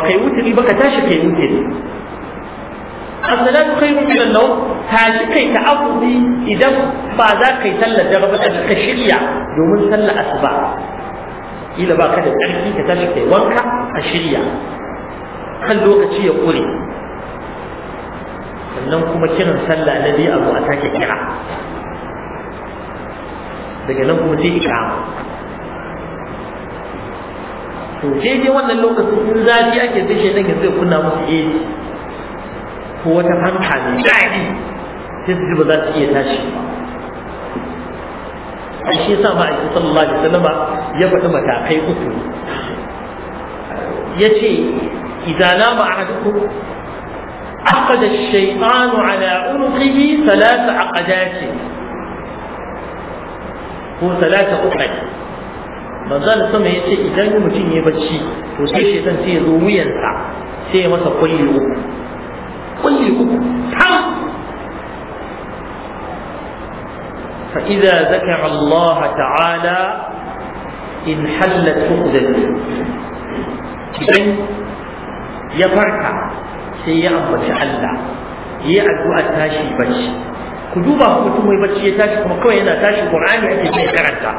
akai wuturi baka tashi kai wuturi as-salatu khayrun min an-nawm shi kai ta ta'abbudi idan ba za kai sallar da ba ka shirya domin sallah asuba kila ba ka da ƙarfi ka tashi kai wanka a shirya kan lokaci ya ƙure sannan kuma kiran sallah na biyu abu a sake kira daga nan kuma sai ikama to je wannan lokacin in zafi ake zai shi nake zai kunna musu AC ko wata fanka ne daɗi sai su ji ba za su iya tashi ba shi yasa ba aiki sallallahu alaihi wasallam ya faɗi matakai uku idana idza nama ahadukum عقد الشيطان على عنقه ثلاث عقدات هو ثلاث عقد manzan sama ya ce idan mutum ya bacci to sai shaitan sai ya zo wuyansa sai ya masa kulli uku kulli uku tam fa idza zakara Allah ta'ala in hallat uqdatu idan ya farka sai ya ambaci Allah yi addu'a tashi bacci ku duba ku mutum mai bacci ya tashi kuma kawai yana tashi Qur'ani ake ce karanta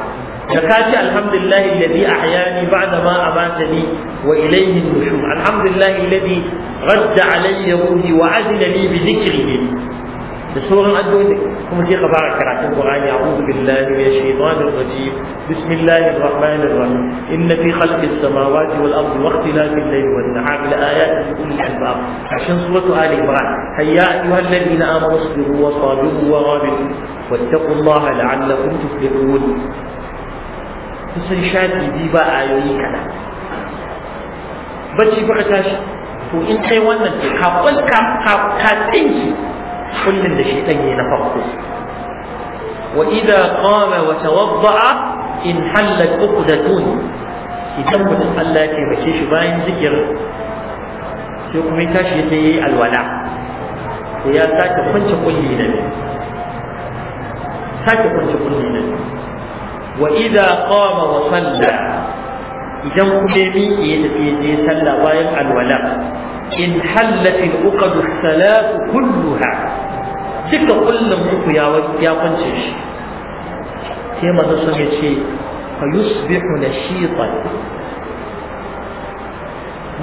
da ka ce alhamdulillah alladhi ahyani ba'da ma amatani wa ilayhi nushur alhamdulillah alladhi radda alayya ruhi wa adila li bi dhikrihi da sauran addu'o'i kuma sai kafa a karatun Qur'ani a'udhu billahi minash shaitanir rajim bismillahir rahmanir rahim inna fi khalqis samawati wal ardi wa ikhtilafil layli wan nahari la ayatin li ulil albab ashan suratu ali imran hayya ayyuhal ladina amanu sabiru wa sabiru wa rabitu wattaqullaha la'allakum tuflihun kusan shafi biyu ba ayoyi kana bacci baka tashi to in kai wannan ka kwalka ka tinki Kullum da shaitan yayi na farko wa idza qama wa tawadda'a in hallat uqdatun idan mutum Allah ke taimake shi bayan zikir sai kuma ya tashi ya yi alwala sai ya sake kunce kulli na ne sake kunce kulli na ne wa idza qama wa salla idan kuma ya miƙe ya tafi ya je sallah bayan alwala in hallatil uqad salatu kulluha duka kullum uku ya ya kwance shi sai manzo sun ya ce fa yusbihu nashitan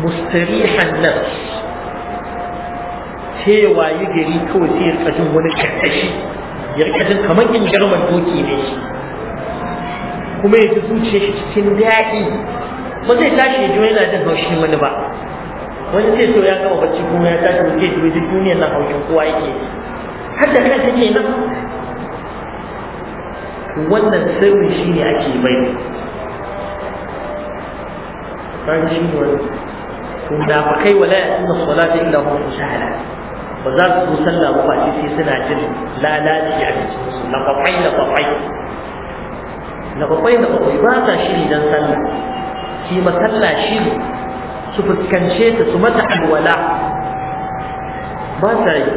mustarihan nafs sai waye gari kawai sai ya tsajin wani karkashi ya rikajin kamar in garman doki ne shi kuma ya ji zuciya shi cikin daɗi ba zai tashi ya ji yana jin haushin wani ba wani zai so ya gama bacci kuma ya tashi mutum ya duk duniyar nan haushin kowa yake har da kanka ke nan wannan sirri shi ne ake bai kan shi wani tunda fa kai wala ya tuna salata illa hum shahara. ba za su sallah ba face sai suna jin lalaci a cikin na bakwai na bakwai na bakwai na bakwai ba sa shiri dan sallah shi masalla shiri su fuskance ta su mata alwala ba ta yi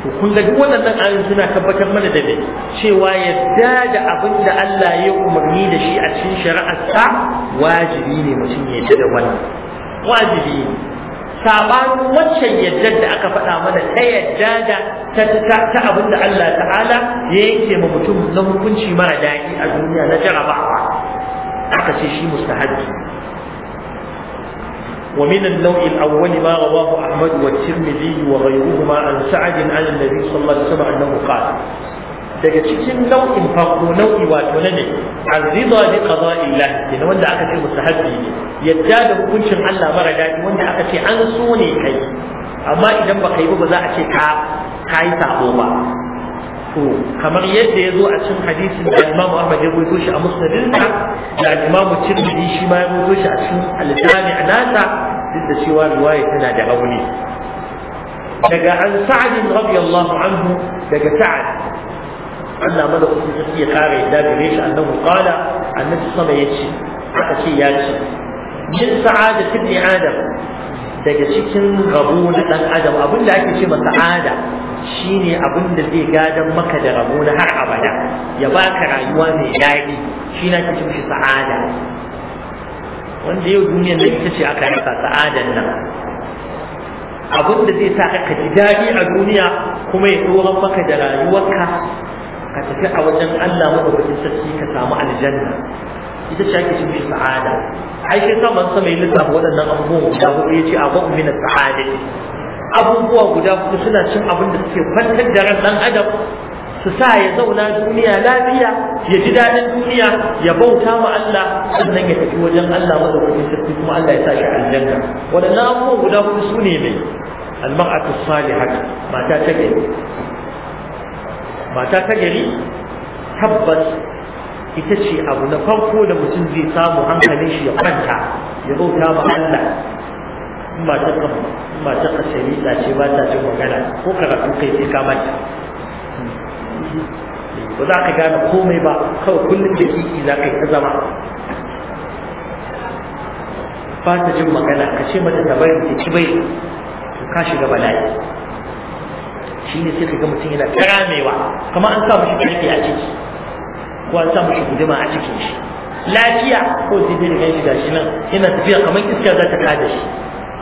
to kun ga duk waɗannan ayoyin suna tabbatar mana da me cewa yadda da abin da Allah ya umarni da shi a cikin shari'arsa wajibi ne mutum ya yarda da wannan wajibi ne sabanin waccan yadda da aka faɗa mana ta yadda da ta abin da Allah ta'ala ya yanke ma mutum na hukunci mara daɗi a duniya na jarabawa aka ce shi mustahabbi ومن النوع الأول ما رواه أحمد والترمذي وغيرهما عن سعد عن النبي صلى الله عليه وسلم أنه قال daga cikin nau'in farko nau'i wato na ne arziza bi qada'i Allah kenan wanda aka ce mustahabbi ne yadda da hukuncin Allah mara dadi wanda aka ce an so ne kai amma idan baka yi ba za a ce ka kai sabo ba to kamar yadda ya zo a cikin hadisin da Imam Ahmad ya rawaito shi a musnadinsa da imamu tirmidhi shi ma ya rubuto shi a cikin al-jami nasa duk da cewa riwaya tana da rauni daga an sa'ad radiyallahu anhu daga sa'ad Allah madaukakin sarki ya kare yadda gare shi annahu qala annabi sama yace aka ce ya ce min sa'adatin adam daga cikin rabo na dan adam abinda ake ce masa sa'ada ne abin da zai gadan maka da rabo har abada ya baka rayuwa mai daɗi shi na cikin shi sa'ada wanda yau duniyar nan ita ce aka rasa sa'adan nan abin da zai sa ka ji daɗi a duniya kuma ya tsoron maka da rayuwarka ka tafi a wajen Allah madaukakin sarki ka samu aljanna ita ce ake cikin sa'ada ai sai sa man sama ya lissafa waɗannan abubuwan guda huɗu ya ce a sa'ada ne. abubuwa guda kuma suna cin abin da suke kwantar da ran ɗan adam su sa ya zauna duniya lafiya ya ji daɗin duniya ya bauta wa Allah sannan ya tafi wajen Allah madaukakin sarki kuma Allah ya sa shi aljanna waɗannan guda hudu su ne mai almar'atu salihat mata ta gari mata ta gari tabbas ita ce abu na farko da mutum zai samu hankalin shi ya kwanta ya bauta wa Allah ba ta kan ba ta ka ce ba ta jin magana ko karatu kai sai ka mata ba za ka gane komai ba kawai kullum da kiki za ka yi ta zama ba ta jin magana ka ce mata ta bari ta ci bai to ka shiga bala'i shi ne sai ka ga mutum yana karamewa kamar an sa mishi karfi a ciki ko an sa mishi guduma a cikin shi lafiya ko zai da shi gashi nan yana tafiya kamar iska za ta kada shi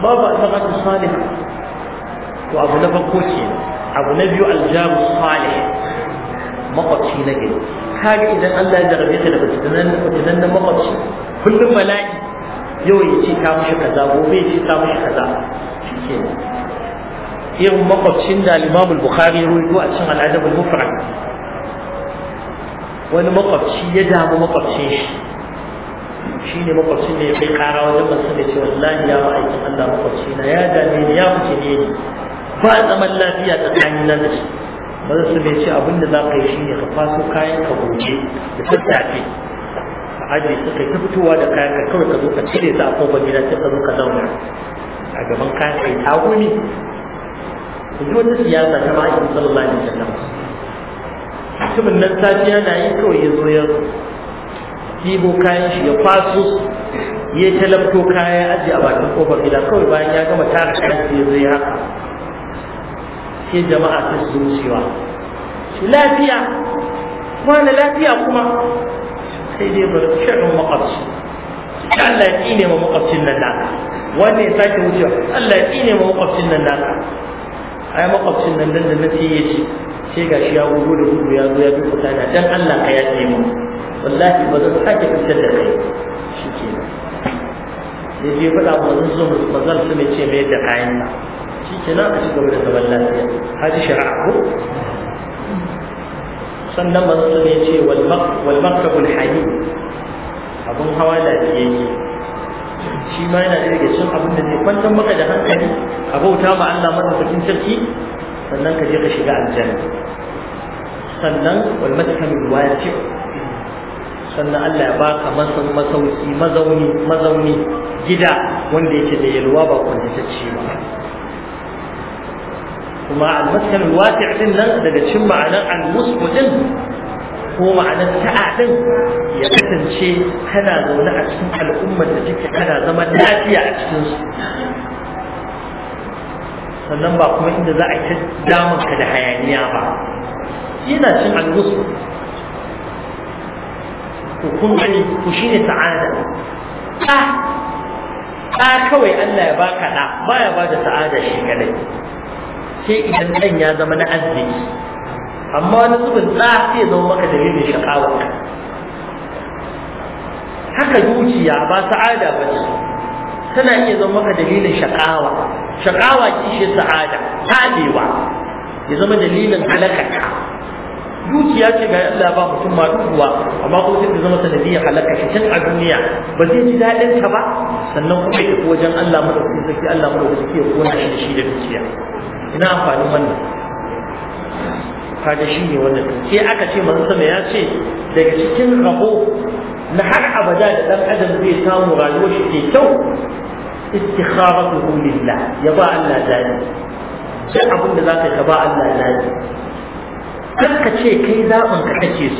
babu al-mar'atu salihah to abu na farko ce abu na biyu al-jaru salih makwabci na gari kaga idan Allah ya jarabe ka da fitinan fitinan na makwabci kullum bala'i yau ya ce ka mushi kaza gobe ya ce ka mushi kaza shikenan irin makwabcin da al-Imam al-Bukhari ya ruwaito a cikin al-Adab al-Mufrad wani makwabci ya damu makwabcin shi shi ne makwabcin da ya kai kara wajen masu da ce wallahi ya ma'aikin Allah makwabci na ya dame ni ya fice ne ni ba zaman lafiya tsakanin na da shi ba su mai ce abin da za ka yi shi ne ka faso kayan ka goge da tattafe a ajiye su kai ta fitowa da kayan ka kawai ka zo ka cire su a kofar gida sai ka zo ka zauna a gaban kayan kai ta gumi ku ji wata siyasa ta ma'aikin sallallahu alaihi wasallam mutumin nan safiya na yi kawai ya zo ya ɗibo kayan shi ya kwaso ya talabto kaya ya ajiye a bakin kofar gida kawai bayan ya gama tara kayan shi ya zai haka sai jama'a ta su wucewa shi lafiya kwana lafiya kuma sai dai bari shirin makwabci Allah ya ƙine ma makwabcin nan naka wannan ya sake wucewa Allah ya ƙine ma makwabcin nan naka ai makwabcin nan nan da na fiye shi ce sai gashi ya gudu da gudu ya zo ya bi mutane dan Allah ka yaƙe mu wallahi ba zan sake fitar da kai shi ke sai je faɗa ba zan zo mazal su mai ce mai da kayan sa shi ke nan a ci gaba da zaman lafiya haji shara'a ko sannan mazal su mai ce wal abin hawa abun hawa lafiyayye shi ma yana daga cikin abin da zai kwantar maka da hankali a bauta ma Allah madaukakin sarki sannan ka je ka shiga aljanna sannan wal madhamul wasi' sannan Allah ya baka masauki mazauni mazauni gida wanda yake da yalwa ba kwantatacce ba kuma al-maskan al-wasi' din nan daga cin ma'anar al-musbu din ko ma'anar ta'a din ya kasance kana zaune a cikin al'ummar da take kana zama lafiya a cikin su sannan ba kuma inda za a yi damanka da hayaniya ba yana cin al-musbu to kun gani ku shine sa'ada ta ta kawai Allah ya baka da baya ba da sa'ada shi kadai sai idan dan ya zama na arziki amma wani zubin za sai zama maka dalilin shakawa haka zuciya ba sa'ada ba ce tana iya zama maka dalilin shakawa shakawa ce sa'ada tadewa ya zama dalilin halakarka dukiya ce ga Allah ba mutum ma dukuwa amma ko sai zama ya halaka shi tun a duniya ba zai ji daɗin ta ba sannan kuma ya tafi wajen Allah mu da sarki Allah mu da sarki ya kona shi da shi da dukiya ina amfani wannan kaga shi ne wannan sai aka ce manzo sama ya ce daga cikin rabo na har abada da dan adam zai samu rayuwar shi ke kyau istikharatuhu lillah ya ba Allah dadi duk abin da zaka ka ba Allah dadi أذكى شيء كيدا أنكحكيس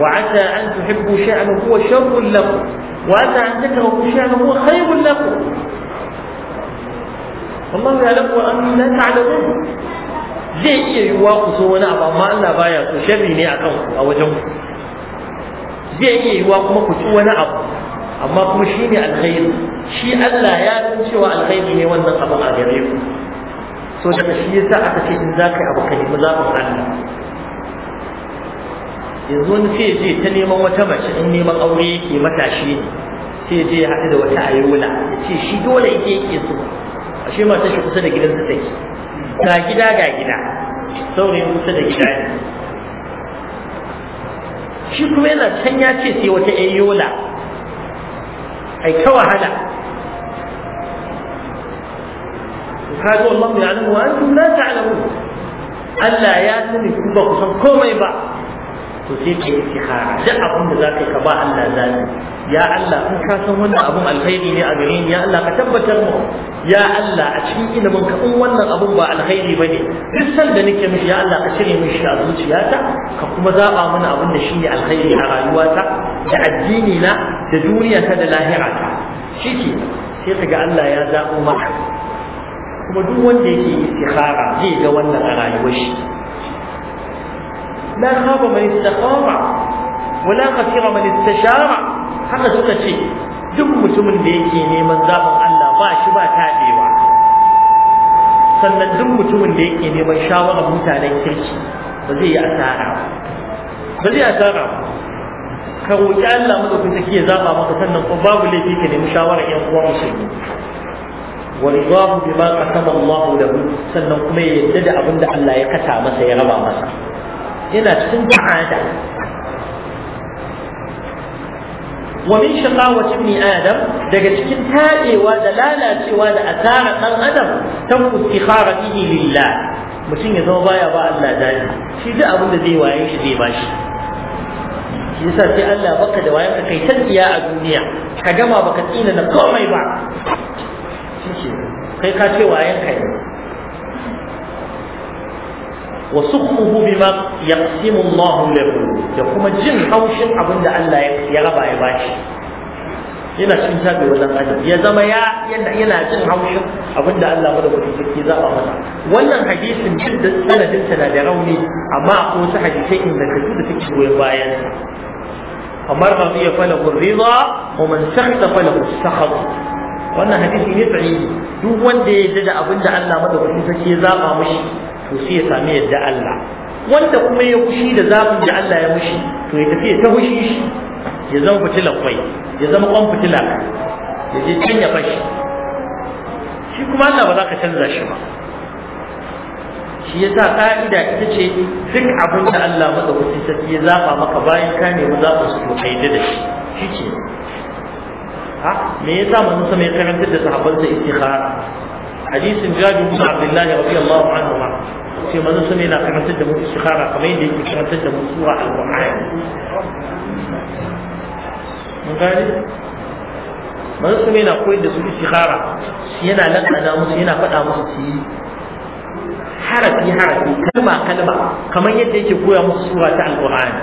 وعسى أن تحبوا شعر هو شر لكم وعسى أن تكرهوا شعر هو خير لكم والله يعلم وأن لا تعلمون زي إيه يواقص هو نعبا ما ألا بايا تشريني أكون أو جنب زي إيه يواقص ما كنت هو نعبا أما كمشيني الخير شيء ألا يعلم سوى الخير هي وأن نقبل أغيريكم so daga shi sa aka ce in za ka yi abu ka nemi zaɓin Allah yanzu wani sai je ta neman wata mace in neman aure yake shi ne sai je ya haɗu da wata ayola ya ce shi dole yake yake so ashe matar shi kusa da gidansa take ga gida ga gida saurayin kusa da gida ne shi kuma yana can ya ce sai wata ayola ai ta wahala kaji wallahu ya'lamu wa antum ta ta'lamun Allah ya sani kun ba ku san komai ba to sai ka istikhara Da abin da zaka ka ba Allah zani ya Allah in ka san wannan abun alkhairi ne a gare ni ya Allah ka tabbatar mu ya Allah a cikin ilimin ka in wannan abun ba alkhairi bane duk san da nake mishi ya Allah ka cire min shi a zuciyata ka kuma zaba mana abin da shi ne alkhairi a rayuwata da addini na da duniya ta da lahira ta shike sai kaga Allah ya zaɓo maka kuma duk wanda yake istikhara zai ga wannan a rayuwar shi la khaba man istakhara wala khasira man istashara haka suka ce duk mutumin da yake neman zaɓin Allah ba shi ba taɗewa sannan duk mutumin da yake neman shawarar mutanen kirki ba zai yi asara ba zai asara ba ka roƙi Allah madaukakin sarki ba zaɓa maka sannan kuma babu laifi ka nemi shawarar ƴan uwan musulmi ورضاه بما قسم الله له sannan kuma ya yadda da abin da Allah ya kata masa ya raba masa yana cikin sa'ada wa min shaqawati ibn adam daga cikin tadewa da lalacewa da asara dan adam ta istikharatihi lillah mutum ya zama baya ba Allah dadi shi duk abin da zai waye shi zai bashi shi yasa sai Allah baka da wayanka kai tantiya a duniya ka gama baka tsina na komai ba shi kai ka ce wa wayan ne? wa sukhuhu bima yaqsimu Allah lahu da kuma jin haushin abin da Allah ya raba ya bashi yana cin tabi wannan dan adam ya zama ya yana jin haushin abin da Allah madaukakin sarki zaba masa wannan hadisin duk da sanadin sa da rauni amma akwai wasu hadisai inda kaji da take goyon bayan sa فمن رضي فله الرضا ومن سخط فله السخط wannan hadisi ne sahihi duk wanda ya yarda da abin da Allah madaukakin sarki ya zaba mishi to sai ya sami yadda Allah wanda kuma ya kushi da zabin da Allah ya mishi to ya tafi ya ta hushi shi ya zama fitila kwai ya zama kwan fitila ya je can ya fashi shi kuma Allah ba za ka canza shi ba shi ya sa ka'ida ita ce duk abin da Allah madaukakin sarki ya zaba maka bayan ka nemi zaɓin su to ka yarda da shi shi ce ha me yasa manzon sama ya karantar da sahabbansa istikhara hadisin jabir bin abdullah radiyallahu anhu ma sai manzon sama yana karantar da mu istikhara kamar yadda yake karantar da mu sura al-qur'ani mun gane manzon sama yana koyar da su istikhara yana lakana musu yana faɗa musu su yi harafi harafi kalma kalma kamar yadda yake koya musu sura ta al-qur'ani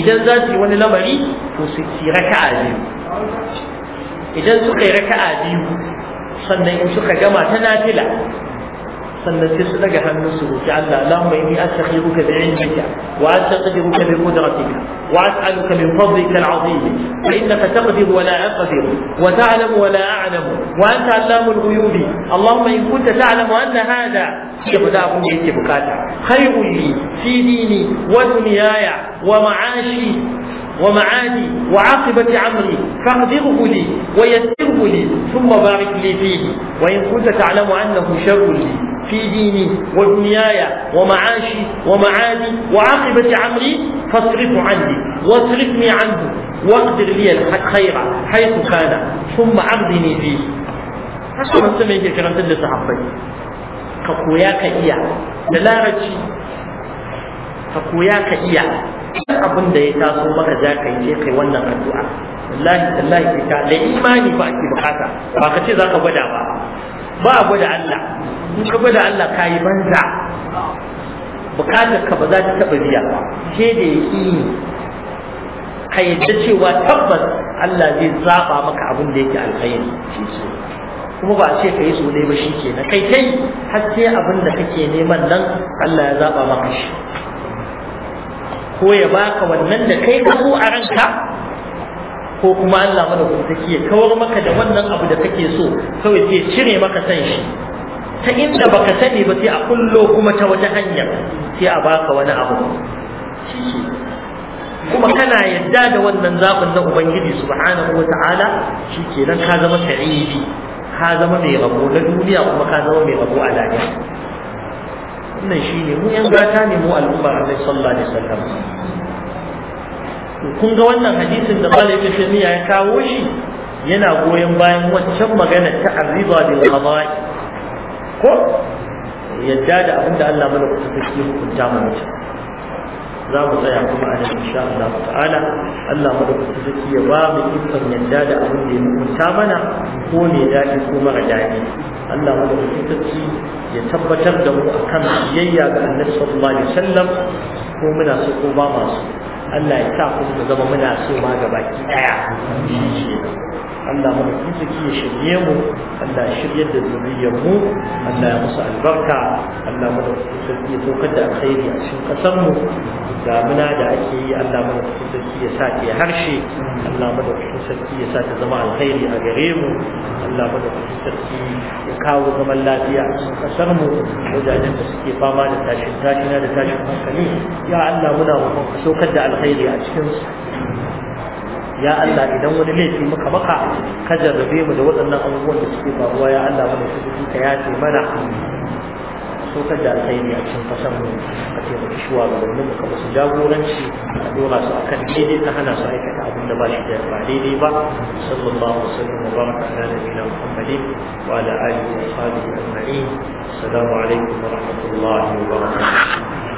idan za su yi wani lamari to su yi raka'a biyu idan suka yi raka'a biyu sannan in suka gama ta nafila sannan sai su daga hannun su roki Allah Allahumma inni astaghfiruka bi ilmika wa astaghfiruka bi qudratika wa as'aluka min fadlika al'azim fa innaka taqdiru wa la aqdir wa ta'lamu wa la a'lamu wa anta allamu al-ghuyub Allahumma in kunta ta'lamu anna hadha ya fada abun da yake bukata khairu li fi dini wa dunyaya wa ma'ashi ومعادي وعاقبة عمري فاغذره لي ويسره لي ثم بارك لي فيه وإن كنت تعلم أنه شر لي في ديني ودنياي ومعاشي ومعادي وعاقبة عمري فاصرف عني واصرفني عنه واقدر لي الخير حيث كان ثم عرضني فيه haka wasu mai ke karantar da sahabbai ka koya ka duk abin da ya taso maka za ka yi kai wannan addu'a wallahi wallahi sai ka da imani ba ake bukata ba ka ce za ka gwada ba ba a gwada Allah in ka gwada Allah ka yi banza bukatar ka ba za ta taɓa biya ba da ya ƙi ka yadda cewa tabbas Allah zai zaɓa maka abin da yake alkhairi kuma ba a ce ka yi so ba shi kenan kai kai har sai abin da kake neman nan Allah ya zaɓa maka shi ko ya baka wannan da kai ka so a ranka ko kuma Allah madaukakin sarki ya kawar maka da wannan abu da kake so kawai sai cire maka san shi ta inda baka sani ba sai a kullo kuma ta wata hanya sai a baka wani abu kuma kana yadda da wannan zaɓin na ubangiji subhanahu ke nan ka zama sa'idi ka zama mai rabo na duniya kuma ka zama mai rabo a lahira wannan ne mu yan gata ne mu al'umma Annabi sallallahu alaihi wasallam kun ga wannan hadisin da Malik ibn ya kawo shi yana goyon bayan waccan magana ta arriba da qada'i ko yadda da abinda Allah mana kuka hukunta mu mutum za mu tsaya kuma a nan insha Allah ta'ala Allah madaukakin sarki ya ba mu ikon yadda da abin da ya hukunta mana ko ne daɗi ko mara daɗi Allah madaukakin sarki ya tabbatar da mu akan biyayya ga Annabi sallallahu alaihi wasallam ko muna so ko ba masu Allah ya sa kuma mu zama muna so ma gabaki daya shi Allah mu da saki ya shirye mu Allah ya da zuriyar mu Allah ya musu albarka Allah mu da saki ya saukar da alkhairi a cikin kasar mu damuna da ake yi Allah mu da saki ya sa ke harshe Allah mu da saki ya sa ta zama alkhairi a gare mu Allah mu da saki ya kawo zaman lafiya a cikin kasar mu wajajen da suke fama da tashin tashina da tashin hankali ya Allah muna roƙon saukar da alkhairi a cikin su ya Allah idan wani laifi muka maka ka jarrabe mu da waɗannan abubuwan da suke faruwa ya Allah mana su duki ka yace mana so ka da ne a cikin kasan mu ka ce mu shuwa ga wani mu ka su jagoranci a dora su akan daidai ta hana su aikata abin da ba shi da ba daidai ba sallallahu alaihi wasallam wa baraka ala nabiyina muhammadin wa ala alihi wa sahbihi ajma'in assalamu alaikum wa rahmatullahi wa barakatuh